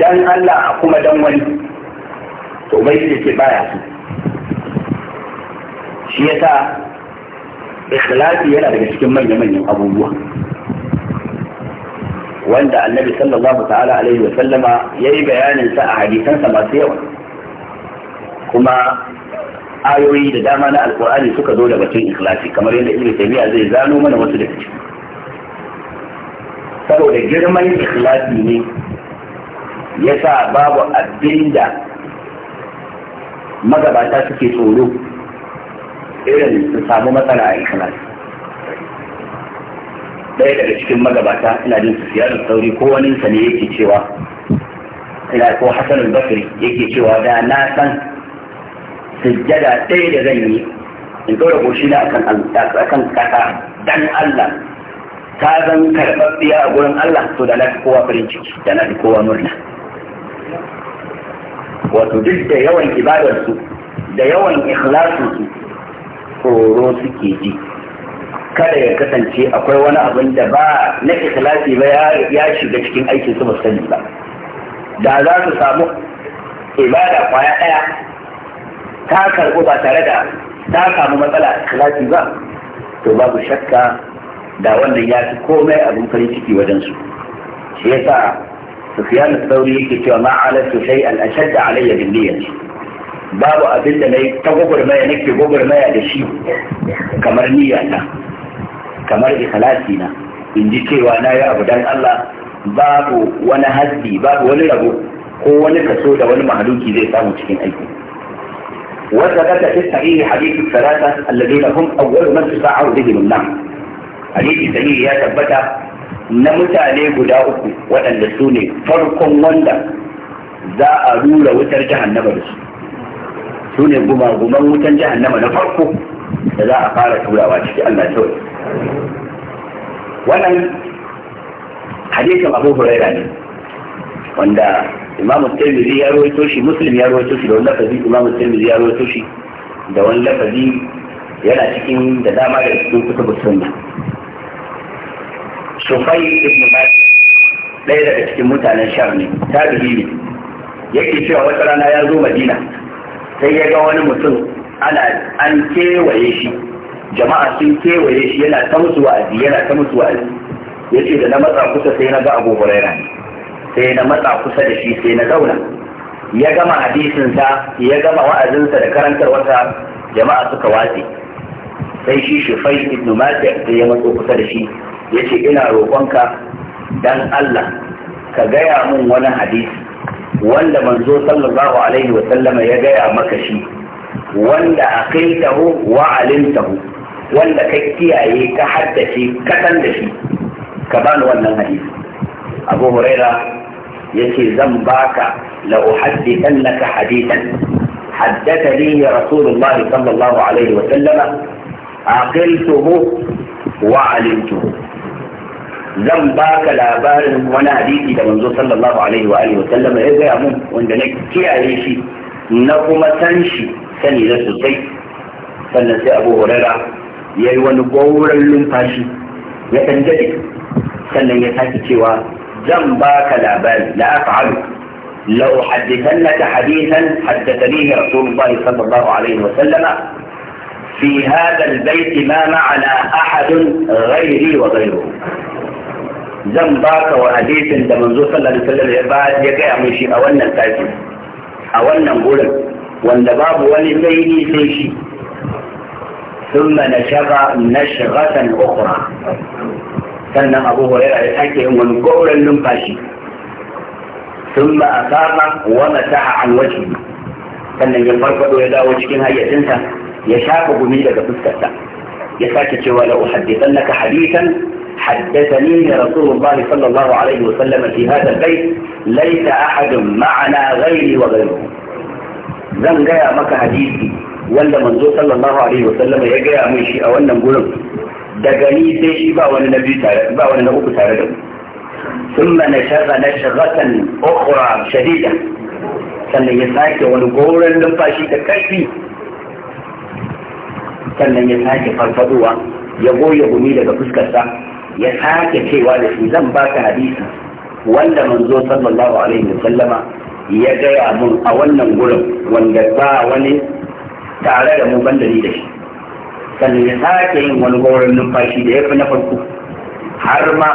Speaker 1: dan Allah a kuma dan wani to bai shi ce baya su shi yasa ikhlasi yana daga cikin manya-manyan abubuwa wanda annabi sallallahu ta'ala alaihi wa sallama ya yi bayanin sa a hadisansa masu yawa kuma ayoyi da dama na alkur'ani suka zo da batun ikhlasi kamar yadda ibnu taymiya zai zano mana wasu daga ciki saboda girman ikhlasi ne yasa babu abinda magabata suke tsoro irin su samu matsala a ikhlasi ɗaya daga cikin magabata ina jin su siyar sauri ko wani ne yake cewa ina ko hasan al-basri yake cewa da na san sujjada ɗaya da zan yi in ɗora goshi na akan ƙasa dan Allah ta zan karɓaɓɓiya a gurin Allah to da na fi kowa farin ciki da na fi kowa murna wato duk da yawan ibadarsu da yawan ikhlasinsu tsoro suke ji kada ya kasance akwai wani abin da ba na ikhlasi ba ya shiga cikin aikin su ba sani ba da za su samu ibada kwaya ɗaya ta karɓo ba tare da ta samu matsala a ikhlasi ba to babu shakka da wannan ya fi komai abin farin ciki wajen su shi yasa sufyan sauri thawri yake cewa ma alatu shay al-ashadd alayya bin niyyah babu abin da nayi ta gogurmaya nake gogurmaya da shi kamar niyya na kamar ikhlasi na in ji cewa na yi abu dan Allah babu wani haddi babu wani rabo ko wani kaso da wani mahaluki zai samu cikin aiki وثبت في الصحيح حديث الثلاثة الذين هم أول من تسعر بهم النار حديث الصحيح يا ثبت uku, waɗanda su ne farkon wanda za a rura wutar jahannama da su su ne gumaguman wutan jahannama na farko da za a fara turawa ciki Allah ta wannan hadisin abu huraira ne wanda imamu tirmidhi ya rawaito shi muslim ya rawaito shi da wani lafazi imamu tirmidhi ya rawaito shi da wani lafazi yana cikin da dama da cikin kutubu sunna shufai ibn malik ɗaya daga cikin mutanen sham ne tabi'i ne yake cewa wata rana ya zo madina sai ya ga wani mutum ana an kewaye shi jama'a sun kewaye shi yana ta musu wa'azi yana ta musu wa'azi yace da na matsa kusa sai na ga abu hurairah sai na matsa kusa da shi sai na zauna ya gama hadisinsa ya gama wa'azinsa da karantarwarsa jama'a suka watse sai shi shufai ibn Malik sai ya matso kusa da shi ya ce ina roƙonka dan Allah ka gaya min wani hadisi wanda manzo sallallahu alaihi wa sallama ya gaya maka shi wanda aqiltahu wa alimtahu wanda ka kiyaye ka haddace ka san da shi ka bani wannan hadisi Abu Huraira yace zan baka la uhaddithannaka hadithan haddathani rasulullahi sallallahu alaihi wa sallama aqiltuhu wa alimtuhu zan baka labarin wani hadisi da manzo sallallahu alaihi wa alihi wa sallama ya gaya mun wanda na kiyaye shi na kuma san shi sani na sosai sannan sai abu hurara ya yi wani gauran lumfashi ya ɗan sannan ya sake cewa ذنبك لا بل لا أفعل لو حدثنك حديثا حدثني رسول الله صلى الله عليه وسلم في هذا البيت ما معنا أحد غيري وغيره ذنبك وحديث انت منذ صلى الله عليه وسلم يبعد يكي عميشي أولنا التاسم أولنا نقولك وانت باب ولسيني سيشي ثم نشغ نشغة أخرى سنة أبو هريرة من قول النقاشي ثم أثار ومسح عن وجهه سنة يفرق إلى وجهنا هي جنسة يشاك بميلة بسكتة يساك تشوال أحدثنك حديثا حدثني رسول الله صلى الله عليه وسلم في هذا البيت ليس أحد معنا غيري وغيره زن جاء مك حديثي ولا منذ صلى الله عليه وسلم يجاء من شيء أولا نقول daga ni sai shi ba wani na biyu tare ba wani na uku tare da mu ثم نشغ نشغة أخرى شديدة sannan ya sake wani goron numfashi da ƙarfi sannan ya sake farfaduwa ya goya gumi daga fuskarsa ya sake cewa da shi zan baka hadisi wanda manzo sallallahu alaihi wa sallama ya gaya mun a wannan gurin wanda ba wani tare da mu banda ni da shi sannan ya sake yin wani goron numfashi da ya fi na farko har ma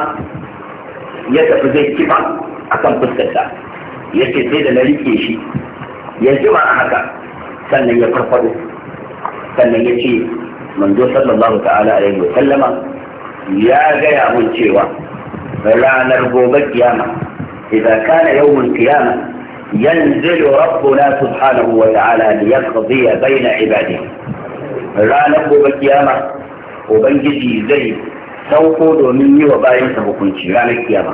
Speaker 1: ya tafi zai kiba a kan fuskarsa ya ce sai da na rike shi ya jima a haka sannan ya farfado sannan ya ce manzo sallallahu ta'ala alaihi wa sallama ya gaya mun cewa ranar gobe kiyama idan kana yawmul kiyama ينزل ربنا سبحانه وتعالى ليقضي بين عباده ranar gobe kiyama ubangiji zai sauko domin yi wa bayansa hukunci ranar kiyama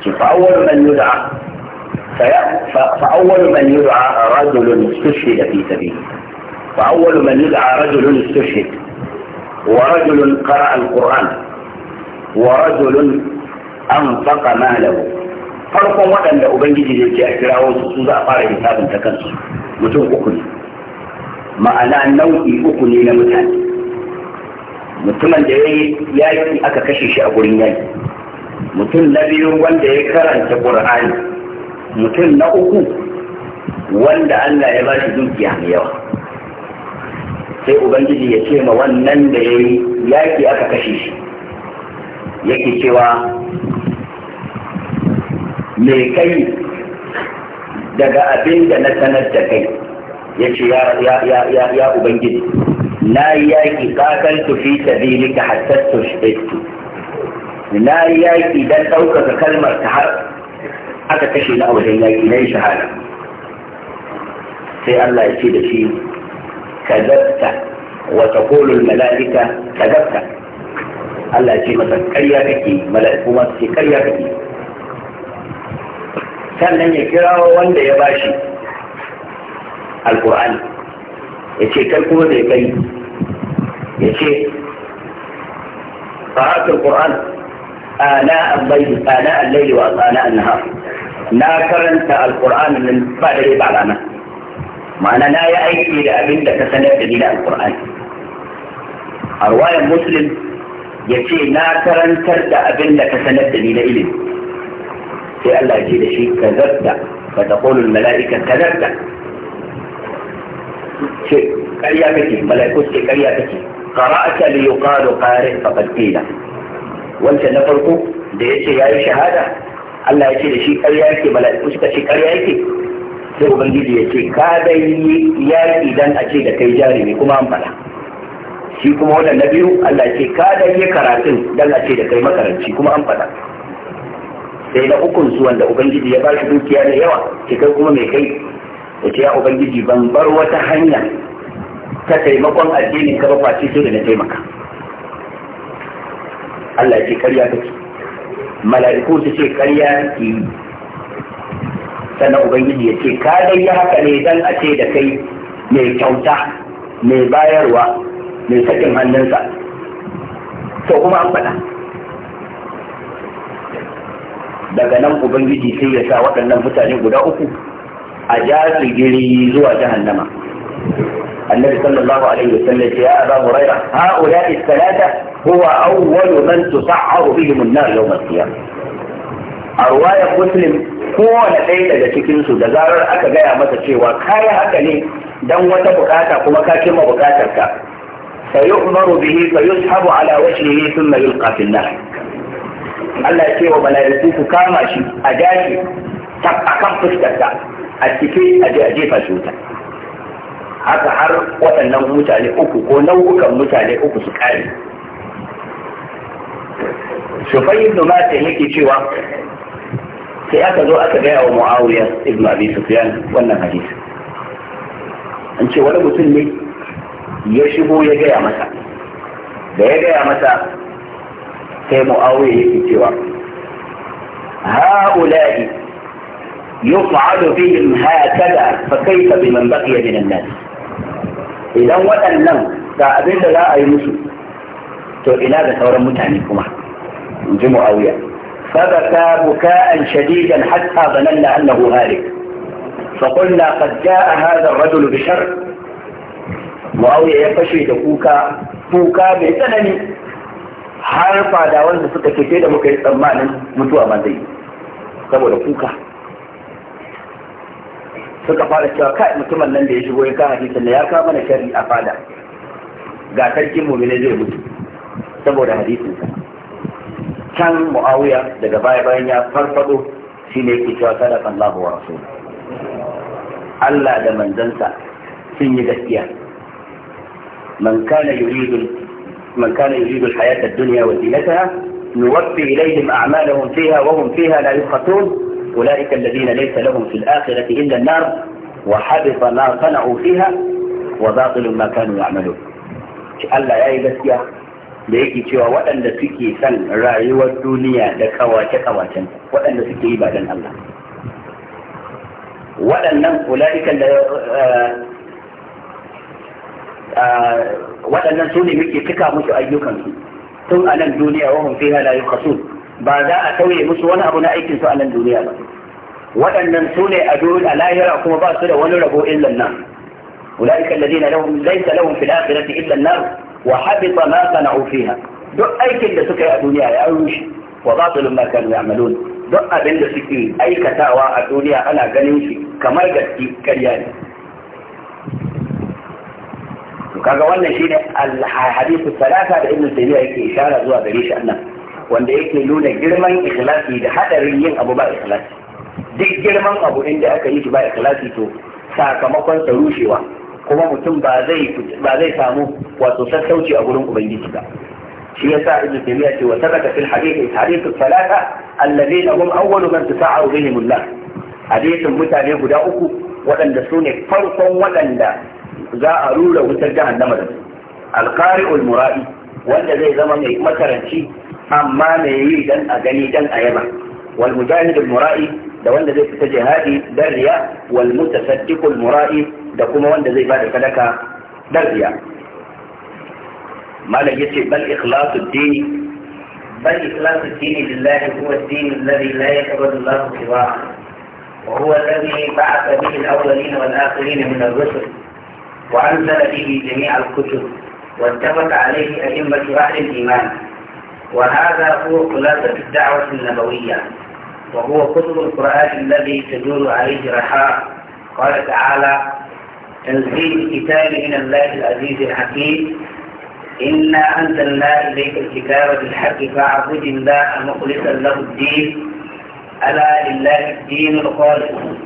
Speaker 1: ki fa'awwal man yud'a فأول من يدعى رجل استشهد في سبيله فأول من يدعى رجل استشهد ورجل قرأ القرآن ورجل أنفق ماله فرق وطن لأبنجي للجاء كراوس سوزا أقار حساب تكنس متون أكل ma'ana nau'i uku ne na mutane mutumin da ya yi yaƙi aka kashe shi a gurin yaƙi mutum na biyu wanda ya karanta ƙur'ani mutum na uku wanda Allah ya ba shi dukiya mai yawa sai ubangiji ya ce ma wannan da ya yi yaƙi aka kashe shi yake cewa me kai daga abin da na sanar da kai ya ce ya ubangiji na yi yaƙi ƙatar tufi sabilika hatta tushbittu na yi yaƙi don ɗaukaka kalmar ta har aka kashe na wajen yaƙi na yi shahada sai Allah ya ce da shi ka zabta wata taqulul mala'ika ka zabta Allah ya ce masa karya kake mala'iku ma su ce ƙarya kake sannan ya kirawo wanda ya bashi alƙur'ani ya ce kai kuma mai kai ya ce قرأت القرآن آناء الليل آناء ana وآناء النهار na karanta alkur'ani nan ba dare ba rana ma'ana na yi aiki da abin da ka sanar da ni da alkur'ani a ruwayan muslim ya ce na karantar da abin da ka sanar da ni ilimi sai Allah ya ce da shi ka zarta ka taqulu al mala'ika ka zarta ce ƙarya kake mala'iku ce ƙarya kake qara'ata li yuqalu qarin faqad qila wancan na farko da yace yayi shahada Allah ya ce da shi ƙarya yake mala'iku suka ce ƙarya yake sai ubangiji ya ce ka dai yaƙi idan a ce da kai jarumi kuma an faɗa shi kuma wannan na biyu Allah ce ka dan yi karatun dan a ce da kai makaranci kuma an faɗa sai na ukun su wanda ubangiji ya ba shi dukiya da yawa ce kai kuma mai kai ce ya ubangiji ban bar wata hanya ta taimakon addinin ka ba face sai da na taimaka Allah ya ce ƙarya kake mala'iku su ce ƙarya ki sannan ubangiji ya ce ka dai ya haka ne dan a ce da kai mai kyauta mai bayarwa mai sakin hannunsa to kuma an faɗa daga nan ubangiji sai ya sa waɗannan mutane guda uku a ja sigiri zuwa jahannama annabi sallallahu alaihi wasallam ya aba huraira haula salata huwa awwal man tusahharu bihim an-nar yawm al-qiyamah a ruwayar muslim kowane ɗaya daga cikinsu da zarar aka gaya masa cewa kaya haka ne dan wata bukata kuma ka cimma bukatarka bihi به فيسحب على وجهه ثم يلقى في النار Allah ce wa mala'iku ku kama shi a jashi a kan fuskarta a cike a je a jefa shi wuta haka har waɗannan mutane uku ko nau'ukan mutane uku su kare shufai noma ta yake cewa sai aka zo aka gaya wa muawiya ibn abi sufyan wannan hadis an ce wani mutum ne ya shigo ya gaya masa da ya gaya masa sai muawiya yake cewa ha'ula'i يقعد بهم هكذا فكيف بمن بقي من الناس اذا وانه فابن لا اي مشو تو الى دورا متاني كما جمع اويا فبكى بكاء شديدا حتى ظننا انه هالك فقلنا قد جاء هذا الرجل بشر معاوية يفشي تكوكا فوكا بيتنني هارفا داوان بسكة كتيرة مكيسة مانا متوى ما زي suka fara cewa kai mutumin nan da ya shigo ya ka hadisin ya ka mana shari a fada ga sarkin mumine zai mutu saboda hadisinsa can mu'awiya daga baya bayan ya farfado shi ne yake cewa sadaka Allah wa rasul Allah da manzansa sun yi gaskiya man kana yuridu man kana yuridu al-hayata ad-dunya wa zinataha nuwaffi ilayhim a'malahum fiha wa hum fiha la yukhatun أولئك الذين ليس لهم في الآخرة إلا النار وحبط ما صنعوا فيها وباطل ما كانوا يعملون Allah ya yi gaskiya da yake cewa waɗanda suke son rayuwar duniya da kawace-kawacen waɗanda suke yi ba don Allah waɗannan ula'ikan da waɗannan su ne muke cika musu ayyukansu tun a nan duniya wa hun fiha la yukhasun ba za a tauye musu wani abu na aikin su a nan duniya ba waɗannan su ne a duniya lahira kuma ba su da wani rabo illan nan ulaika alladhina lahum laysa lahum fil akhirati illa an-nar wa habita ma sana'u fiha duk aikin da suka yi a duniya ya rushe wa batilun ma kanu ya'malun duk abin da suke aikatawa a duniya ana ganin shi kamar gaske karya ne kaga wannan shine al-hadithu salasa da ibn taymiya yake ishara zuwa gare shi annan wanda yake nuna girman ikhlasi da hadarin yin abu ba ikhlasi duk girman abu inda aka yi shi ba ikhlasi to sakamakon sa rushewa kuma mutum ba zai ba zai samu wato sassauci a gurin ubangiji ba shi yasa ibnu taymiya ce wa sabata fil hadith hadith salata alladhina hum awwalu man tasa'u bihim Allah hadithin mutane guda uku waɗanda su ne farkon waɗanda za a rura wutar jahannama da su alqari'ul mura'i wanda zai zama mai makaranci أما ميلي دن أغني دن أيبا والمجاهد المرائي ده وانده زي تجهادي دريا والمتصدق المرائي ده كما وانده زي فادك لك دريا ما لا يسي بل إخلاص الدين بل إخلاص الدين لله هو الدين الذي لا يقبل الله سواه وهو الذي بعث به الأولين والآخرين من الرسل وأنزل به جميع الكتب واتفق عليه أئمة أهل الإيمان وهذا هو خلاصة الدعوة النبوية وهو كتب القرآن الذي تدور عليه رحاء قال تعالى تنزيل الكتاب من الله العزيز الحكيم إنا أنزلنا إليك الكتاب بالحق فاعبد الله مخلصا له الدين ألا لله الدين الخالق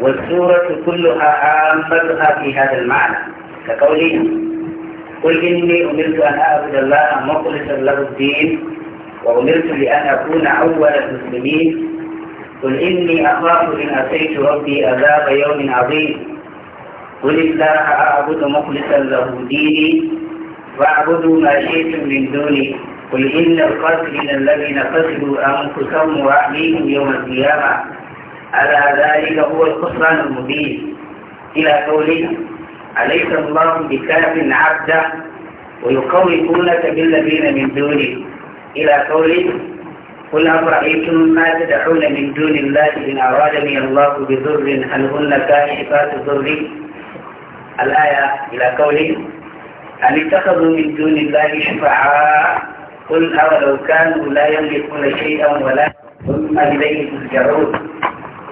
Speaker 1: والسورة كلها عامتها في هذا المعنى كقوله قل إني أمرت أن أعبد الله مخلصا له الدين وأمرت لأن أكون أول المسلمين قل إني أخاف إن أتيت ربي عذاب يوم عظيم قل الله أعبد مخلصا له ديني واعبدوا ما شئتم من دوني قل إن القتل من الذين قتلوا أنفسهم وأهليهم يوم القيامة على ذلك هو الخسران المبين إلى قوله أليس الله بكاف عبدا ويقومونك بالذين من دونه إلى قوله قل أفرأيتم ما تدعون من دون الله إن أرادني الله بضر هل هن كاشفات ضر الآية إلى قوله أن اتخذوا من دون الله شفعاء قل أولو كانوا لا يملكون شيئا ولا ثم إليه ترجعون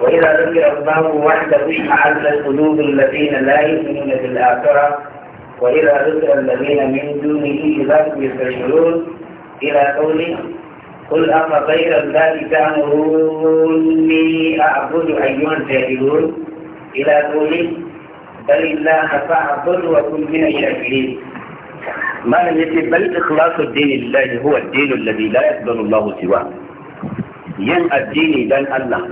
Speaker 1: وإذا ذكر الله وحده اشمعت القلوب الذين لا يؤمنون بالآخرة وإذا ذكر الذين من دونه إذا هم يستشعرون إلى قوله قل أفغير الله تأمروني أعبد أيها الجاهلون إلى قوله بل الله فاعبد وكن من الشاكرين ما الذي بل إخلاص الدين لله هو الدين الذي لا يقبل الله سواه ين الدين لن الله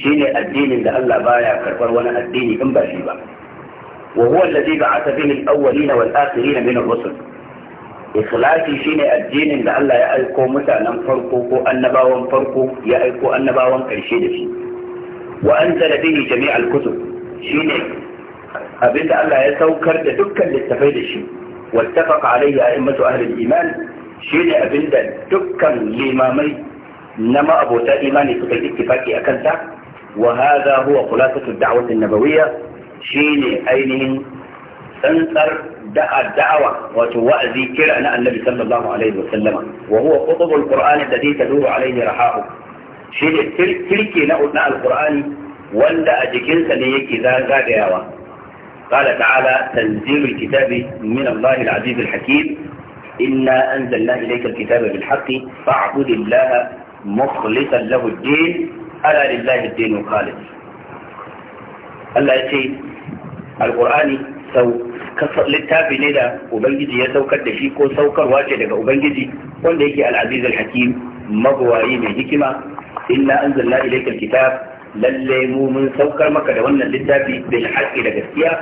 Speaker 1: shine addinin da Allah baya karbar wani addini in ba shi ba wa huwa alladhi ba'atha bihi al-awwalin wal akhirin min ar-rusul ikhlasi shine addinin da Allah ya aiko mutanen farko ko annabawan farko ya aiko annabawan karshe da shi wa anzala bihi jami' al-kutub shine abinda Allah ya saukar da dukkan littafai da shi wattafaqa alayhi a'immatu ahli al-iman shine abinda dukkan limamai na ma'abota imani suka yi ittifaki akan ta وهذا هو خلاصة الدعوة النبوية شين أينهن تنصر دعا الدعوة وتوأذي كرعنا النبي صلى الله عليه وسلم وهو خطب القرآن الذي تدور عليه رحاه شين تلك نأتنا القرآن ولا أجكنس ليك ذا جاوة قال تعالى تنزيل الكتاب من الله العزيز الحكيم إنا أنزلنا إليك الكتاب بالحق فاعبد الله مخلصا له الدين ala lillahi dinu khalid Allah ya ce alqur'ani sau littafi ne da ubangiji ya saukar da shi ko saukarwa ce daga ubangiji wanda yake al-aziz al-hakim magwayi mai hikima inna anzalna ilayka al-kitab lalle mu mun saukar maka da wannan littafi bil haqqi da gaskiya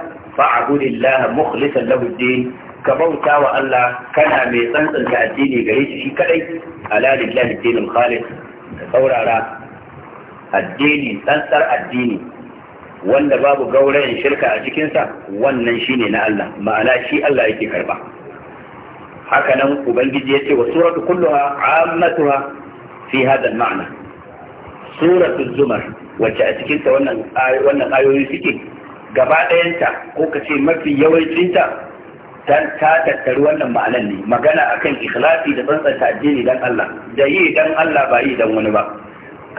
Speaker 1: fa'budillaha mukhlishan lahu ad-din ka bauta wa Allah kana mai tsantsanta addini gare shi kadai ala lillahi dinul khalis saurara addini tsantsar addini wanda babu gaurayan shirka a cikinsa wannan shine na Allah ma'ana shi Allah yake karba haka nan ubangiji ce wa suratu kulluha ammatuha fi hada ma'ana. suratu zumar wacce a cikinta wannan wannan ayoyi suke gaba ɗayanta ko ka ce mafi yawancinta dan ta tattaru wannan ma'anan ne magana akan ikhlasi da tsantsanta addini dan Allah da yi dan Allah ba yi dan wani ba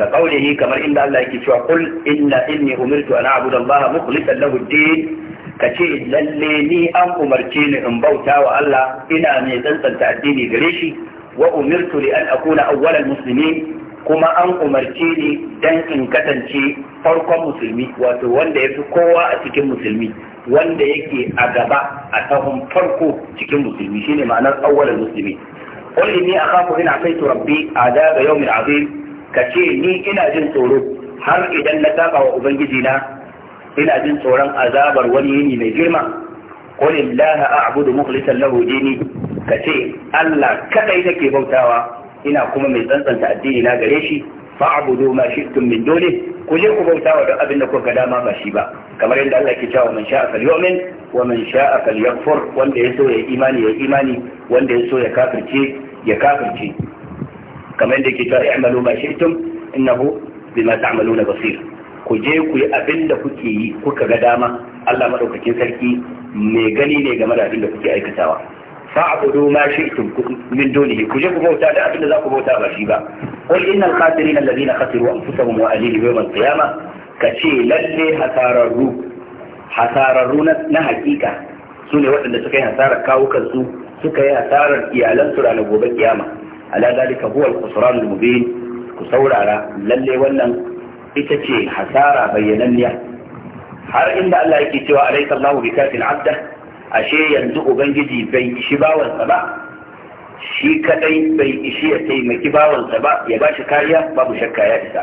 Speaker 1: ka qaulihi kamar inda Allah yake cewa qul inna inni umirtu an a'budu Allah mukhlishan lahu ad-din kace lalle ni an umarce ni in bauta wa Allah ina mai tsantsanta addini gare shi wa umirtu li an akuna awwalal muslimin kuma an umarce ni dan in kasance farkon musulmi wato wanda ya fi kowa a cikin musulmi wanda yake a gaba a tahun farko cikin musulmi shine ma'anar awwalul musulmi qul inni akhafu in asaitu rabbi adaba yawmin azim ka ce ni ina jin tsoro har idan na saba wa ubangiji na ina jin tsoron azabar wani yini mai girma qul illaha a'budu mukhlishan lahu dini ka ce Allah kadai nake bautawa ina kuma mai tsantsanta addini na gare shi fa'budu ma shi'tum min dole ku je ku bautawa duk abin da kuka dama ba shi ba kamar yadda Allah ke cewa man sha'a falyu'min wa man sha'a falyakfur wanda ya so ya imani ya imani wanda ya so ya kafirce ya kafirce kamar yadda yake cewa i'malu ma shi'tum innahu bima ta'maluna basir ku je ku yi abin da kuke yi kuka ga dama Allah madaukakin sarki mai gani ne game da abin da kuke aikatawa fa'budu ma shi'tum min dunihi ku je ku bauta da abin da za ku bauta ba shi ba qul innal khasirin alladhina khasiru anfusahum wa ahlihim yawm al-qiyamah kace lalle hasararru hasararru na hakika su ne waɗanda suka yi hasarar kawukansu suka yi hasarar iyalansu ranar gobe kiyama ala dalika huwa al-khusran al-mubin ku saurara lalle wannan ita ce hasara bayyananniya har inda Allah yake cewa alaysa Allahu bikafin abda ashe yanzu ubangiji bai ishi bawansa ba shi kadai bai ishi ya taimaki bawansa ba ya bashi kariya babu shakka ya isa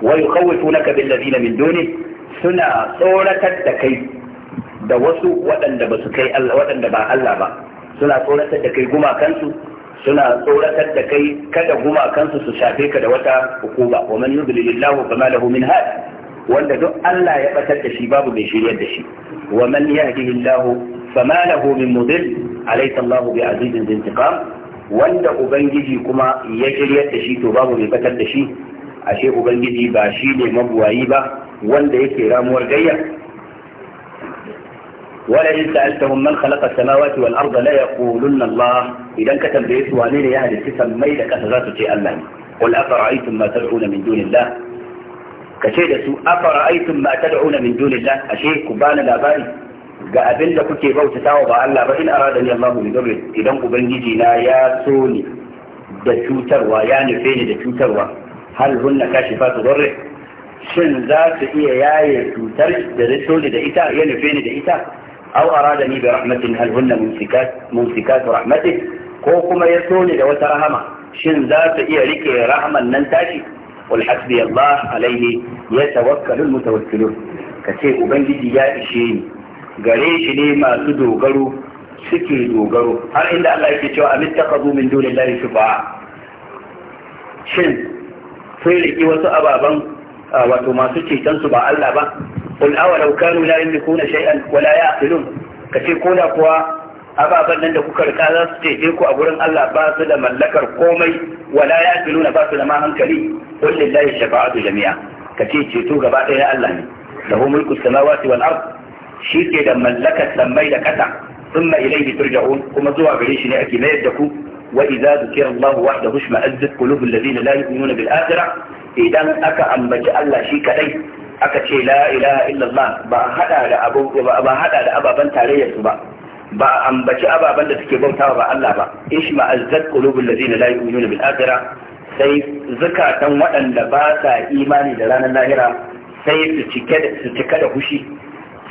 Speaker 1: wa yukhawifunaka bil ladina min duni suna tsoratar da kai da wasu waɗanda ba su kai Allah waɗanda ba Allah ba suna tsoratar da kai gumakansu suna tsoratar da kai kada kansu su shafe ka da wata hukuma wa man yudlilillahu fama lahu min hadi wanda duk Allah ya batar da shi babu mai shiryar da shi wa man yahdihillahu fama lahu min mudil alaysa Allahu bi azizin intiqam wanda ubangiji kuma ya shiryar da shi to babu mai batar da shi ashe ubangiji ba shi ne mabuwayi ba wanda yake ramuwar gayya ولئن سألتهم من خلق السماوات والأرض لا يقولن الله إذا كتب بيت وانين يا أهل السفن ميل كثرات شيء الله قل أفرأيتم ما تدعون من دون الله كشيء سوء أفرأيتم ما تدعون من دون الله أشيء كبان لا باري ga abinda kuke bautata wa ba Allah ba ina arada ni Allah bi dole idan ubangiji na ya so da cutarwa ya ni da cutarwa shin za su iya yaye cutar da so da ita ya nufe ni da ita aw aradani bi rahmatin hal hunna mumsikat mumsikat ko kuma ya so ni da wata rahama shin za ta iya rike rahaman nan tashi wal hasbi Allah alaihi yatawakkalu mutawakkilun kace ubangiji ya ishe ni gare shi ne masu dogaro suke dogaro har inda Allah yake cewa amin taqabu min dunillahi shufa'a shin sai riki wasu ababan wato masu ceton ba Allah ba قل أولو كانوا لا يملكون شيئا ولا يعقلون كتير كونا قوى ababen nan da kuka rika za su ce ku a gurin Allah ba su da mallakar komai wala ya nuna ba su da ma hankali qul lillahi shafa'atu jami'a kace ceto gaba ɗaya na Allah ne lahu mulku samawati wal ard shi ke da mallakar sammai da kasa thumma ilayhi turja'un kuma zuwa gare shi ne ake mayar da ku wa idza dhukira Allah wahdahu shma'azzat qulubul ladina la yu'minuna bil akhirah idan aka ambaci Allah shi kaɗai. aka ce la ilaha illallah ba hada da abu ba hada da ababan tarayyar su ba ba ambaci ababan da suke bautawa ba Allah ba ishma azzat qulubul ladina la yu'minuna bil akhirah sai zakatan waɗanda ba sa imani da ranar lahira sai su cike da su cika da hushi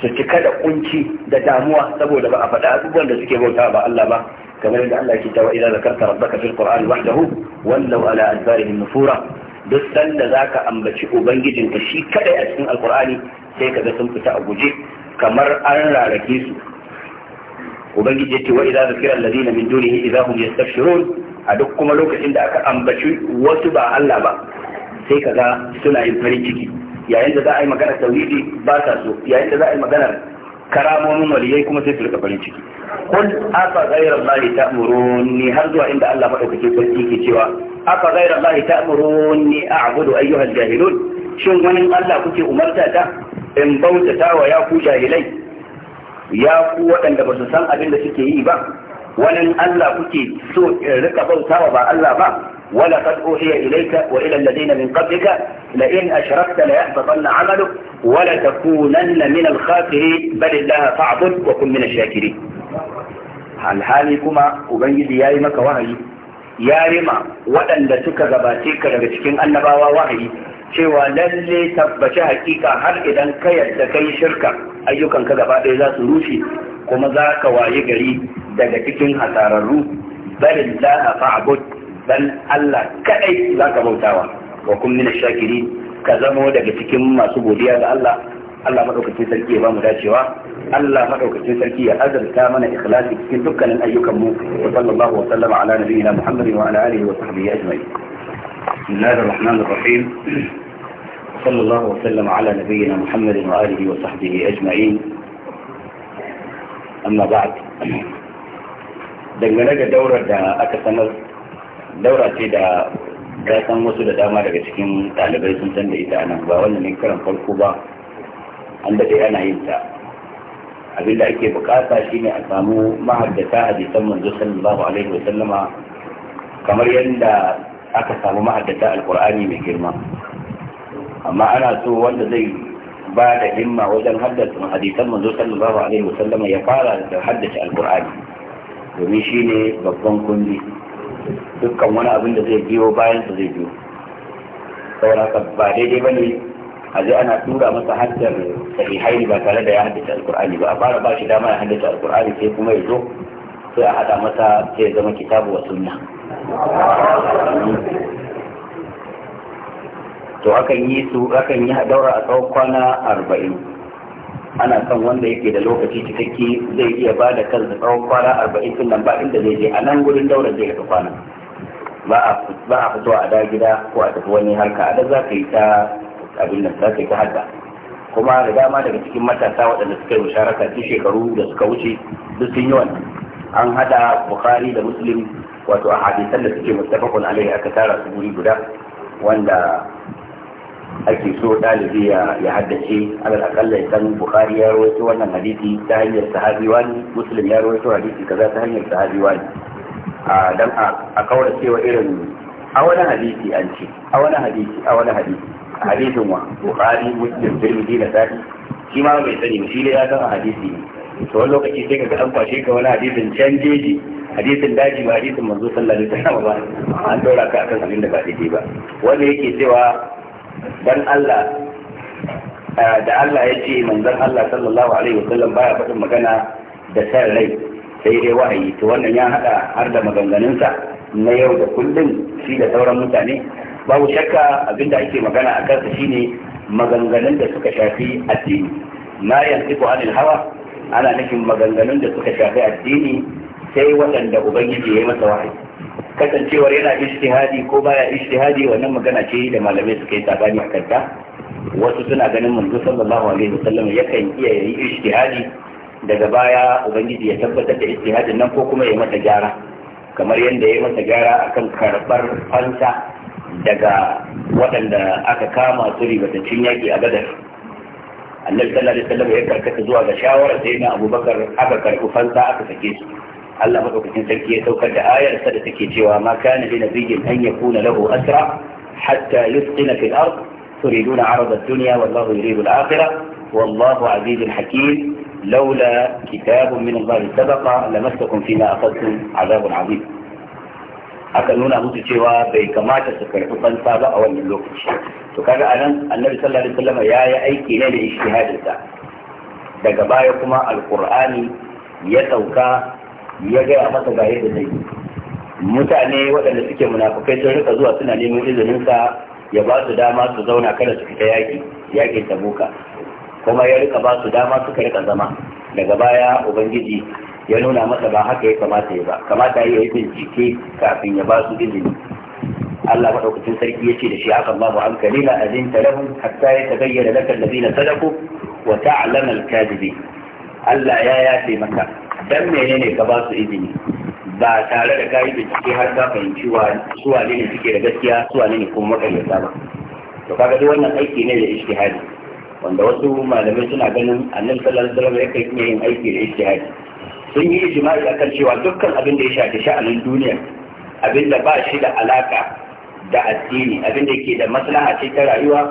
Speaker 1: su cika da kunci da damuwa saboda ba a faɗa abubuwan da suke bautawa ba Allah ba kamar yadda Allah ke tawa idan zakarta rabbaka fil qur'ani wahdahu wallau ala adbarihim nufura duk sanda za ka ambaci ubangijinka shi kadai a cikin alkur'ani sai ka ga sun fita a guje kamar an rarake su ubangiji ya ce wa idza zikira allazina min dunihi idza hum yastabshirun a duk kuma lokacin da aka ambaci wasu ba Allah ba sai ka ga suna yin farin ciki yayin da za a yi magana tauhidi ba sa so yayin da za a yi magana karamomin waliyai kuma sai su rika farin ciki kul afa ghayra allahi ta'muruni har zuwa inda Allah madaukake sarki ke cewa aka gaira Allah ta amuruni a abudu ayyuhal jahilun shin wani Allah kuke umarta ta in bauta ta wa ya ku jahilai ya ku waɗanda ba su san abin da suke yi ba wani Allah kuke so in rika bauta wa ba Allah ba wala kad uhiya ilayka wa ila alladhina min qablika la in ashrakta la yahbatanna amaluk wa la takunanna min al khasirin bal Allah fa'bud wa kun min ash-shakirin al hali kuma ubangiji yayi maka wahayi ya rima waɗanda suka gabace ka daga cikin annabawa wahayi cewa lalle tabbaci hakika har idan ka yadda kai shirka ayyukanka gaba ɗaya za su rushe kuma za ka waye gari daga cikin hasararru barin za a fa'abud dan Allah kaɗai za ka bautawa wa kun mina shakiri ka zamo daga cikin masu godiya ga Allah Allah madaukakin sarki ya bamu dacewa Allah madaukakin sarki ya azurta mana ikhlasi cikin dukkanin ayyukan mu wa sallallahu wa sallama ala nabiyyina Muhammadin wa ala alihi wa sahbihi ajma'in Bismillahir Rahmanir Rahim صلى الله وسلم على نبينا محمد وآله وصحبه أجمعين أما بعد dangane da daurar da aka sanar daura ce da ya san wasu da dama daga cikin ɗalibai sun san da ita nan ba wannan ne karan farko ba an daɗe ana yin ta abinda ake bukata shine a samu mahaddata hadisan manzo sallallahu alaihi wa sallama kamar yadda aka samu mahaddata alkur'ani mai girma amma ana so wanda zai ba da himma wajen haddasa hadisan manzo sallallahu alaihi wa sallama ya fara da haddace alqur'ani domin shine babban kundi dukkan wani abin da zai biyo bayan sa zai biyo saboda haka ba daidai bane a je ana tura masa haddar sahihai ba tare da ya haddace alkur'ani ba a fara ba shi dama ya haddace alkur'ani sai kuma ya zo sai a hada masa sai ya zama kitabu wa sunna to akan yi su akan yi daura a tsawon kwana arba'in ana kan wanda yake da lokaci cikakke zai iya ba da kansa tsawon kwana arba'in tun nan ba inda zai je a nan gurin daura zai haka kwana ba a fito a da gida ko a tafi wani harka a da za ka yi ta abin nan za ta yi ta haka kuma da dama daga cikin matasa waɗanda suka yi musharaka tun shekaru da suka wuce duk sun yi wannan an hada bukhari da muslim wato a hadisan da suke mustafakun alaihi aka tara su guri guda wanda ake so ɗalibi ya haddace alal akalla ya san bukhari ya rawaito wannan hadisi ta hanyar sahabi wani muslim ya rawaito hadisi kaza ta hanyar sahabi wani dan a kaura cewa irin a wani hadisi an ce a wani hadisi a wani hadisi hadisin wa bukhari muslim tirmidhi na sadi shi ma bai sani shi da ya san hadisi ne to wani lokaci sai kaga an kwashe ka wani hadisin can jeji hadisin daji ba hadisin manzo sallallahu alaihi wasallam ba an daura ka akan abin da ba daidai ba wanda yake cewa dan Allah eh, da Allah ya ce manzon Allah sallallahu alaihi wasallam baya faɗin magana da san rai sai dai wahayi to wannan ya hada har da maganganunsa na yau da kullum shi da sauran mutane babu shakka abinda ake magana a kansa shine maganganun da suka shafi addini ma ko anil hawa ana nufin maganganun da suka shafi addini sai waɗanda ubangiji ya yi masa wahayi kasancewar yana ijtihadi ko baya ijtihadi wannan magana ce da malamai suka yi sabani a kanta wasu suna ganin manzo sallallahu alaihi wasallam yakan iya yi ijtihadi daga baya ubangiji ya tabbatar da ijtihadin nan ko kuma ya masa gyara kamar yadda ya yi masa gyara akan karbar fansa daga waɗanda aka kama su ribataccen yaƙi a gadar annabi sallallahu alaihi wasallam ya karkata zuwa ga shawara sai na abubakar aka karɓi fansa aka sake su Allah madaukakin sarki ya saukar da ayar sa da take cewa ma kana bi nabiyyin an yakuna lahu asra hatta yusqina fil ard turiduna arada ad-dunya wallahu yuridu al-akhirah wallahu azizul hakim laula kitabun min Allah sabaqa lamastakum فيما أخذتم عذاب عظيم aka nuna musu cewa bai kamata su karɓi fansa ba a wannan lokaci to kaga anan annabi sallallahu alaihi wasallam ya yi aiki ne da ijtihadin sa daga baya kuma alqur'ani ya sauka ya gaya masa ga yadda zai mutane waɗanda suke munafukai sun rika zuwa suna neman izinin sa ya ba su dama su zauna kada su fita yaki yakin tabuka kuma ya rika ba su dama suka rika zama daga baya ubangiji ya nuna masa ba haka ya kamata ya ba kamata ya yi bincike kafin ya ba su izini Allah madaukakin sarki ya ce da shi haka Allahu an kalila azin talahum hatta ya tagayyara laka alladhina sadaku wa ta'lama al Allah ya yafe maka dan menene ka ba su izini ba tare da kayi bincike har ka fahimci su wane ne suke da gaskiya su wane ne kuma makaryata ba to kaga duk wannan aiki ne da ijtihadi wanda wasu malamai suna ganin annabi sallallahu alaihi wasallam yake yin aiki da ijtihadi sun yi jima'i akan cewa dukkan abin da ya shafi sha'anin duniya abin da ba shi da alaka da addini abin da ke da maslaha ce ta rayuwa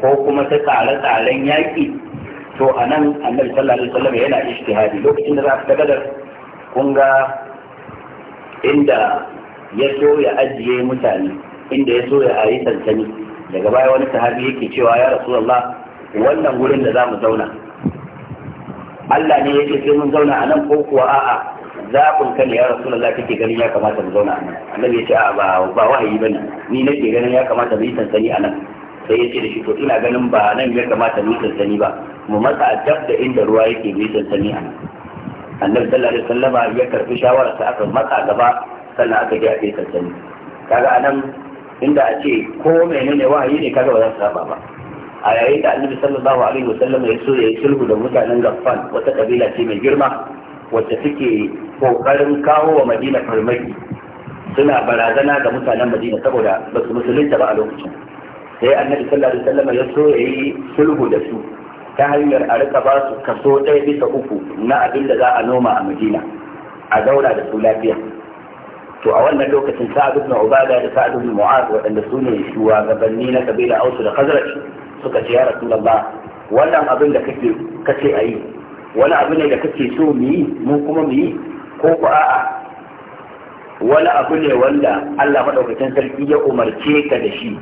Speaker 1: ko kuma ta tsare-tsaren yaƙi to a nan annabi sallallahu alaihi wasallam yana ijtihadi lokacin da za ka gadar kun ga inda ya so ya ajiye mutane inda ya so ya ayi sansani daga baya wani sahabi yake cewa ya rasulullah wannan gurin da za mu zauna Allah ne yake sai mun zauna a nan ko kuwa a'a zaɓin ka ne ya rasulullah kake ganin ya kamata mu zauna a nan Allah ya ce a ba ba ne. bane ni ke ganin ya kamata mu yi sansani a nan sai ya ce da shi to ina ganin ba nan ya kamata mu yi sansani ba mu matsa dab da inda ruwa yake mu yi sansani a nan annabi sallallahu alaihi wasallama ya karbi shawarar sa aka matsa gaba sannan aka je a kai sansani kaga anan inda a ce ko menene wahayi ne kaga ba za su saba ba a yayin da annabi sallallahu alaihi wasallam ya so ya yi sulhu da mutanen gaffan wata kabila ce mai girma wacce take kokarin kawo wa madina farmaki suna barazana ga mutanen madina saboda ba su musulunta ba a lokacin sai annabi sallallahu alaihi wasallam ya so ya yi sulhu da su ta hanyar a rika ba su kaso ɗaya bisa uku na abin da za a noma a madina a daura da su lafiya to a wannan lokacin sa'ad ibn ubada da sa'ad ibn mu'az waɗanda su ne shugabanni na kabila ausu da khazraj suka ce ya rasulullah wannan abin da kake kace a yi wani abu ne da kake so mu yi mu kuma mu yi ko ku a'a wani abu ne wanda Allah madaukakin sarki ya umarce ka da shi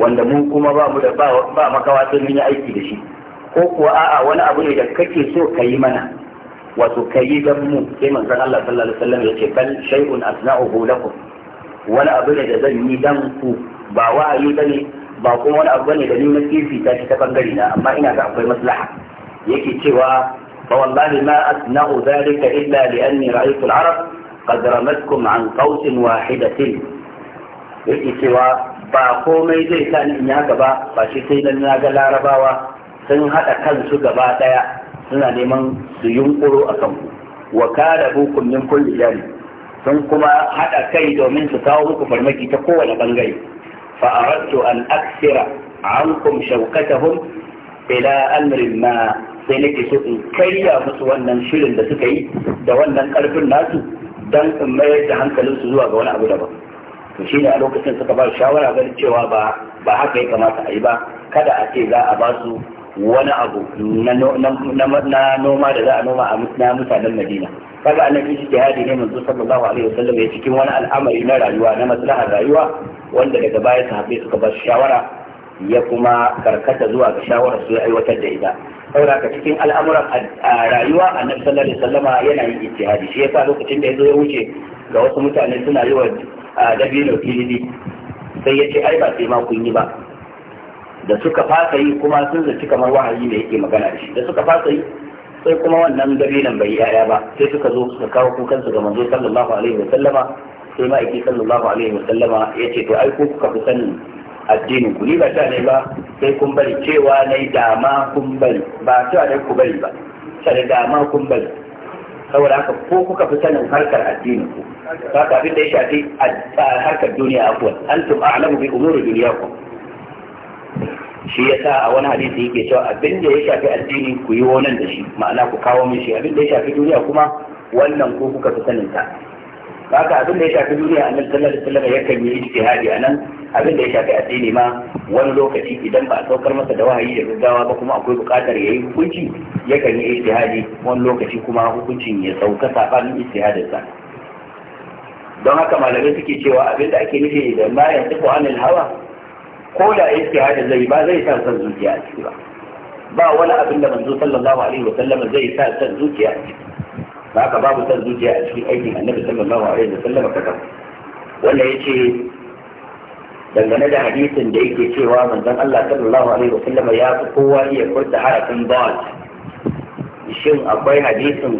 Speaker 1: wanda mu kuma ba mu da ba makawa sai mun yi aiki da shi ko kuwa a'a wani abu ne da kake so ka yi mana wato ka yi dan mu sai manzon Allah sallallahu alaihi wasallam yace bal shay'un asna'uhu lakum wani abu ne da zan yi dan ku ba wa'ayi bane ba kuma wani abu bane da ni na ta shi ta bangare na amma ina ga akwai maslaha yake cewa fa wallahi ma asna'u dhalika illa li anni ra'aytu al-arab qad ramatkum an qawsin wahidatin yake cewa ba komai zai sa ni in haka ba ba shi sai dan na ga larabawa sun hada kansu gaba daya suna neman su yunkuro a kanku wa kada hukum min kulli jani sun kuma hada kai domin su kawo muku farmaki ta kowane bangare فأردت أن أكثر عنكم شوكتهم إلى أمر ما sai nake so in karya musu wannan shirin da suka yi da wannan karfin nasu dan in mayar da hankalinsu zuwa ga wani abu daban to ne a lokacin suka ba shawara ganin cewa ba ba haka ya kamata a yi ba kada a ce za a ba su wani abu na noma da za a noma na mutanen madina kaga annabi ijtihadi ne manzo sallallahu alaihi wasallam ya cikin wani al'amari na rayuwa na maslahar rayuwa wanda daga baya haɓe suka ba shawara ya kuma karkata zuwa ga shawarar su aiwatar da ita saboda ka cikin al'amuran rayuwa annabi sallallahu alaihi wasallama yana yin ijtihadi shi yasa lokacin da ya zo ya wuce ga wasu mutane suna yi wa dabino filili sai ya ce ai ba sai ma kun yi ba da suka fasa yi kuma sun zaci kamar wahayi ne yake magana da shi da suka fasa yi sai kuma wannan dabinan bai yaya ba sai suka zo suka kawo kukansu su ga manzo sallallahu alaihi wa sallama sai ma'aiki sallallahu alaihi wa sallama ce, to ai ko kuka fi sanin addinin ku ni ba ta ne ba sai kun bari cewa nai dama kun bari ba ta ne ku bari ba sai dama kun bari saboda haka ko kuka fi sanin harkar addinin ku ba kafin da ya shafi harkar duniya akwai antum a'lamu bi umuri ku shi ya sa a wani hadisi yake cewa abin da ya shafi addini ku yi wannan da shi ma'ana ku kawo min shi abin da ya shafi duniya kuma wannan ko kuka fi sanin ta haka abin da ya shafi duniya a nan sallallahu alaihi wasallam yakan yi ijtihadi a nan abin da ya shafi addini ma wani lokaci idan ba a saukar masa da wahayi da gaggawa ba kuma akwai buƙatar yayi hukunci yakan yi ijtihadi wani lokaci kuma hukuncin ya sauka sabanin sa don haka malamai suke cewa abin da ake nufi da ma yantiqu anil hawa ko da ijtihadin zai ba zai sa san zuciya a ciki ba ba wani abin da manzo sallallahu alaihi wa sallama zai sa san zuciya a ciki ba ka babu san zuciya a cikin aikin annabi sallallahu alaihi wa sallam kaza wanda yace dangane da hadisin da yake cewa manzon Allah sallallahu alaihi wa sallama ya fi kowa iya furta harafin dal shin akwai hadisin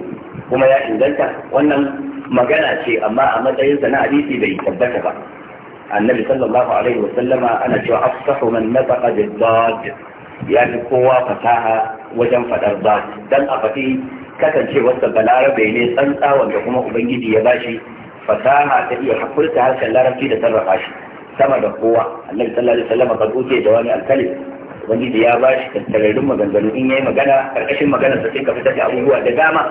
Speaker 1: kuma ya inganta wannan magana ce amma a matsayin na hadisi bai tabbata ba annabi sallallahu alaihi wa ana cewa afsahu man da bid yani kowa fasaha wajen fadar ba dan a fati kasance wasa balarabe ne tsantsa wanda kuma ubangiji ya bashi fasaha ta iya hakurta harshen larabci da sarrafa shi sama da kowa annabi sallallahu alaihi wa sallama uke da wani alkalim ubangiji ya bashi tattararrun maganganu in yayi magana karkashin magana sa sai ka fitar da abubuwa da dama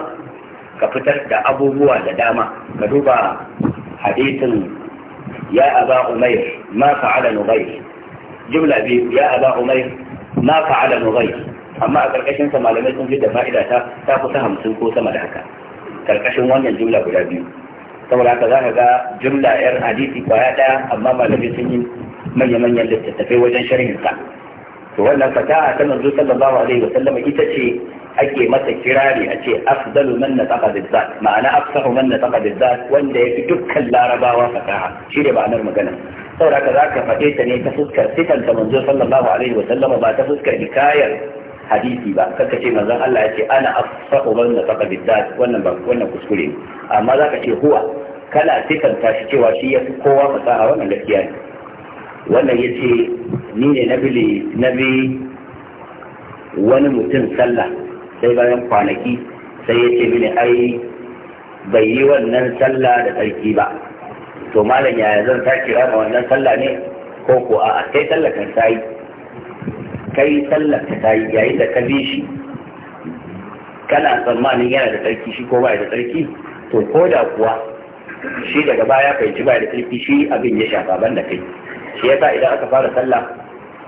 Speaker 1: ka fitar da abubuwa da dama ka duba hadisin يا أبا عمير ما فعل نغير جملة بي يا أبا عمير ما فعل نغير أما أكركشن سما لم يكن جدا فائدة تاكو سهم سنكو سما لحكا كركشن وانا الجملة بلا بيو saboda haka za ka ga jumla yar hadisi kwaya ɗaya amma malamai sun yi manya-manyan littattafai wajen sharhin sa to wannan fataha ta manzo sallallahu alaihi wa sallam ita ce ake masa kirari a ce afdalu man nataqa bizzat ma'ana afsahu man nataqa bizzat wanda yafi dukkan larabawa fataha shi ne ma'anar magana saboda ka zaka fade ta ne ta fuskar sifan ta manzo sallallahu alaihi wa sallam ba ta fuskar hikayar hadisi ba kaka ce manzon Allah ya ce ana afsahu man nataqa bizzat wannan ba wannan kuskure amma zaka ce huwa kana ta shi cewa shi yafi kowa fasaha wannan gaskiya ne wannan ya ce ni ne na bi wani mutum sallah sai bayan kwanaki sai ya ce mini ai bai yi wannan sallah da tsarki ba to malam yaya zan sake rama wannan sallah ne ko ko a kai sallah kan ta yi kai sallah ka ta yi yayin da ka bi shi kana tsammanin yana da tsarki shi ko ba da tsarki to ko da kuwa shi daga baya fahimci ba da tsarki shi abin ya shafa ban da kai shi yasa idan aka fara sallah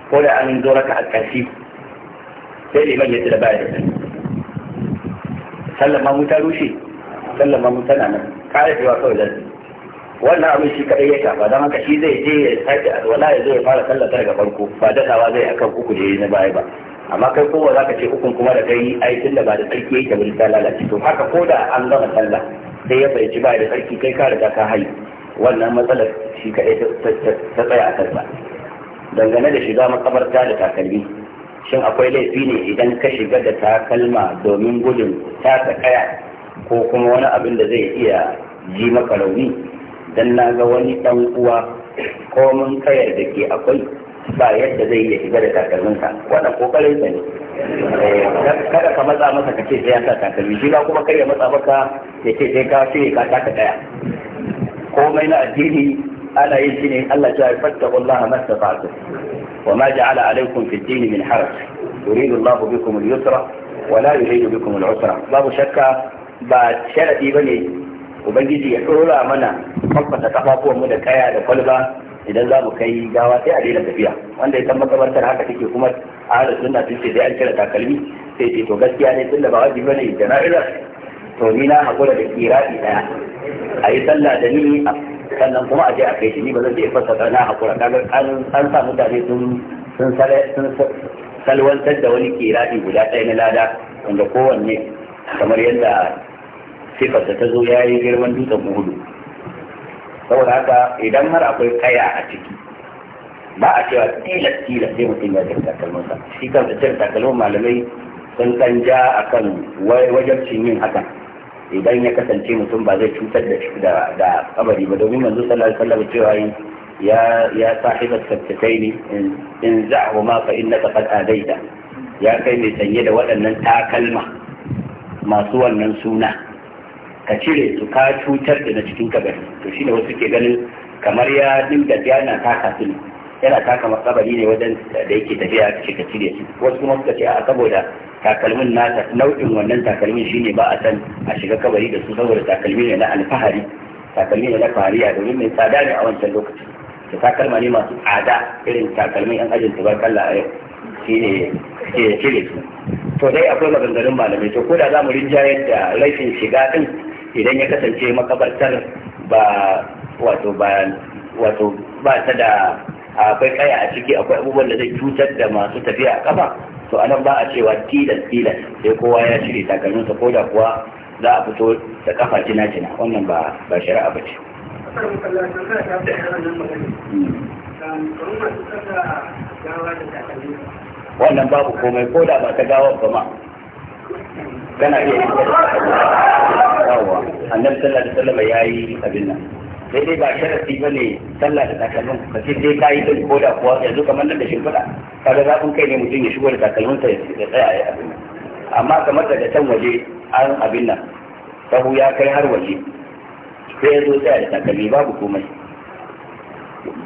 Speaker 1: ko da an zo raka a ƙarshe sai liman ya tsira baya da sallah ma ta rushe sallah ma tana nan kare cewa kawai zai wannan abin shi kadai ya shafa don haka shi zai je ya sake alwala ya zo ya fara sallah daga farko ba dasawa zai kan uku da ya yi na baya ba amma kai kowa ka ce ukun kuma da kai aikin da ba da tsarki yake yi ta lalace to haka ko da an gama sallah sai ya fahimci baya da tsarki kai ka riga ka haihu wannan matsalar shi kaɗai ta tsaya a kansa dangane da shiga makabarta da takalmi shin akwai laifi ne idan ka shiga da takalma domin gudun ta kaya ko kuma wani abin da zai iya ji maka rauni Don na ga wani ɗan uwa ko mun kayar da ke akwai ba yadda zai iya shiga da takalminsa wannan kokarin sa ne eh, kada ka matsa masa ka ce sai ya sa takalmi shi ba kuma kai ya matsa maka ya ce sai ka ce ka taka daya komai na addini ana yin shi ne Allah ya fatta wallahi mastata'tu wa ma ja'ala alaykum fi min haraj yuridu Allahu bikum al-yusra wa la yuridu bikum al-usra babu shakka ba sharadi bane ubangiji ya dora mana kwakwata kafafuwan mu da kaya da kwalba idan za mu kai gawa sai a daina tafiya wanda ya san makabartar haka take kuma a halin sunna sun ce sai an takalmi sai ce to gaskiya ne tunda ba wajibi bane jana'iza to ni na hakura da kirari ɗaya a yi sallah da ni sannan kuma a je a kai shi ni ba zan je fasa na hakura. kaga an sa mutane sun sun salwantar da wani kirari guda ɗaya na lada wanda kowanne kamar yadda sifarsa ta zo ya yi girman dutsen muhudu saboda haka idan har akwai kaya a ciki ba a cewa tilas tilas sai mutum ya jin takalmansa shi da cin takalman malamai sun kan ja a kan wajen yin hakan idan ya kasance mutum ba zai cutar da da kabari ba domin manzo sallallahu alaihi wasallam cewa ya ya sahibat ne in za'hu ma fa innaka qad adaita ya kai mai sanye da waɗannan takalma masu wannan suna ka cire su ka cutar da na cikin kabari to shine wasu ke ganin kamar ya dinga yana taka su ne yana taka makabari ne wajen da yake tafiya ce ka cire su wasu kuma suka ce a saboda takalmin nata nau'in wannan takalmin shine ba a san a shiga kabari da su saboda takalmi ne na alfahari takalmi ne na fariya domin mai tsada ne a wancan lokacin da takalma ne masu tsada irin takalmin yan ajin tubarkalla a yau shine ke cire su to dai akwai maganganun malamai to ko da za mu rinjayar da rashin shiga din idan ya kasance makabartar ba wato ba wato ba ta da akwai kaya a ciki akwai abubuwan da zai cutar da masu tafiya a kafa to anan ba a cewa tilas tilas sai kowa ya shirya takalmin ko da kuwa za a fito da kafa jina jina wannan ba ba shari'a ba ce wannan babu komai ko da ba ta gawar ba ma kana iya yin yawa annabi sallallahu alaihi wasallam yayi abin nan sai dai ba sharafi ba ne sallah da takalmin ka ce dai yi din ko da kuwa yanzu kamar nan da shimfiɗa kaga zafin kai ne mutum ya shigo da takalminsa ya tsaya ya abin nan amma kamar daga can waje an abin nan sahu ya kai har waje sai ya zo tsaya da takalmi babu komai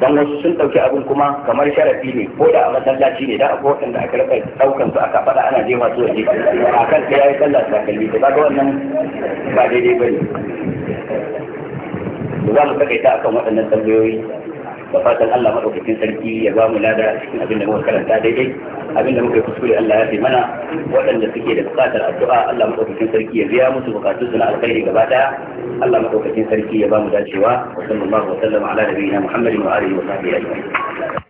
Speaker 1: don wasu sun ɗauki abin kuma kamar sharafi ne ko da a masallaci ne da a kowace da aka rika ɗaukan su aka faɗa ana jefa su waje a kan sai ya yi sallah da takalmi ba ga wannan ba daidai ba ne da za mu takaita akan waɗannan tambayoyi da fatan Allah madaukakin sarki ya ba mu lada cikin abin da muka karanta daidai abin da muka kuskure Allah ya fi mana waɗanda suke da buƙatar addu'a Allah madaukakin sarki ya biya musu bukatun suna na alkhairi gaba daya Allah madaukakin sarki ya ba mu dacewa wa sallallahu wa sallama ala nabiyyina Muhammadin wa alihi wa sahbihi ajma'in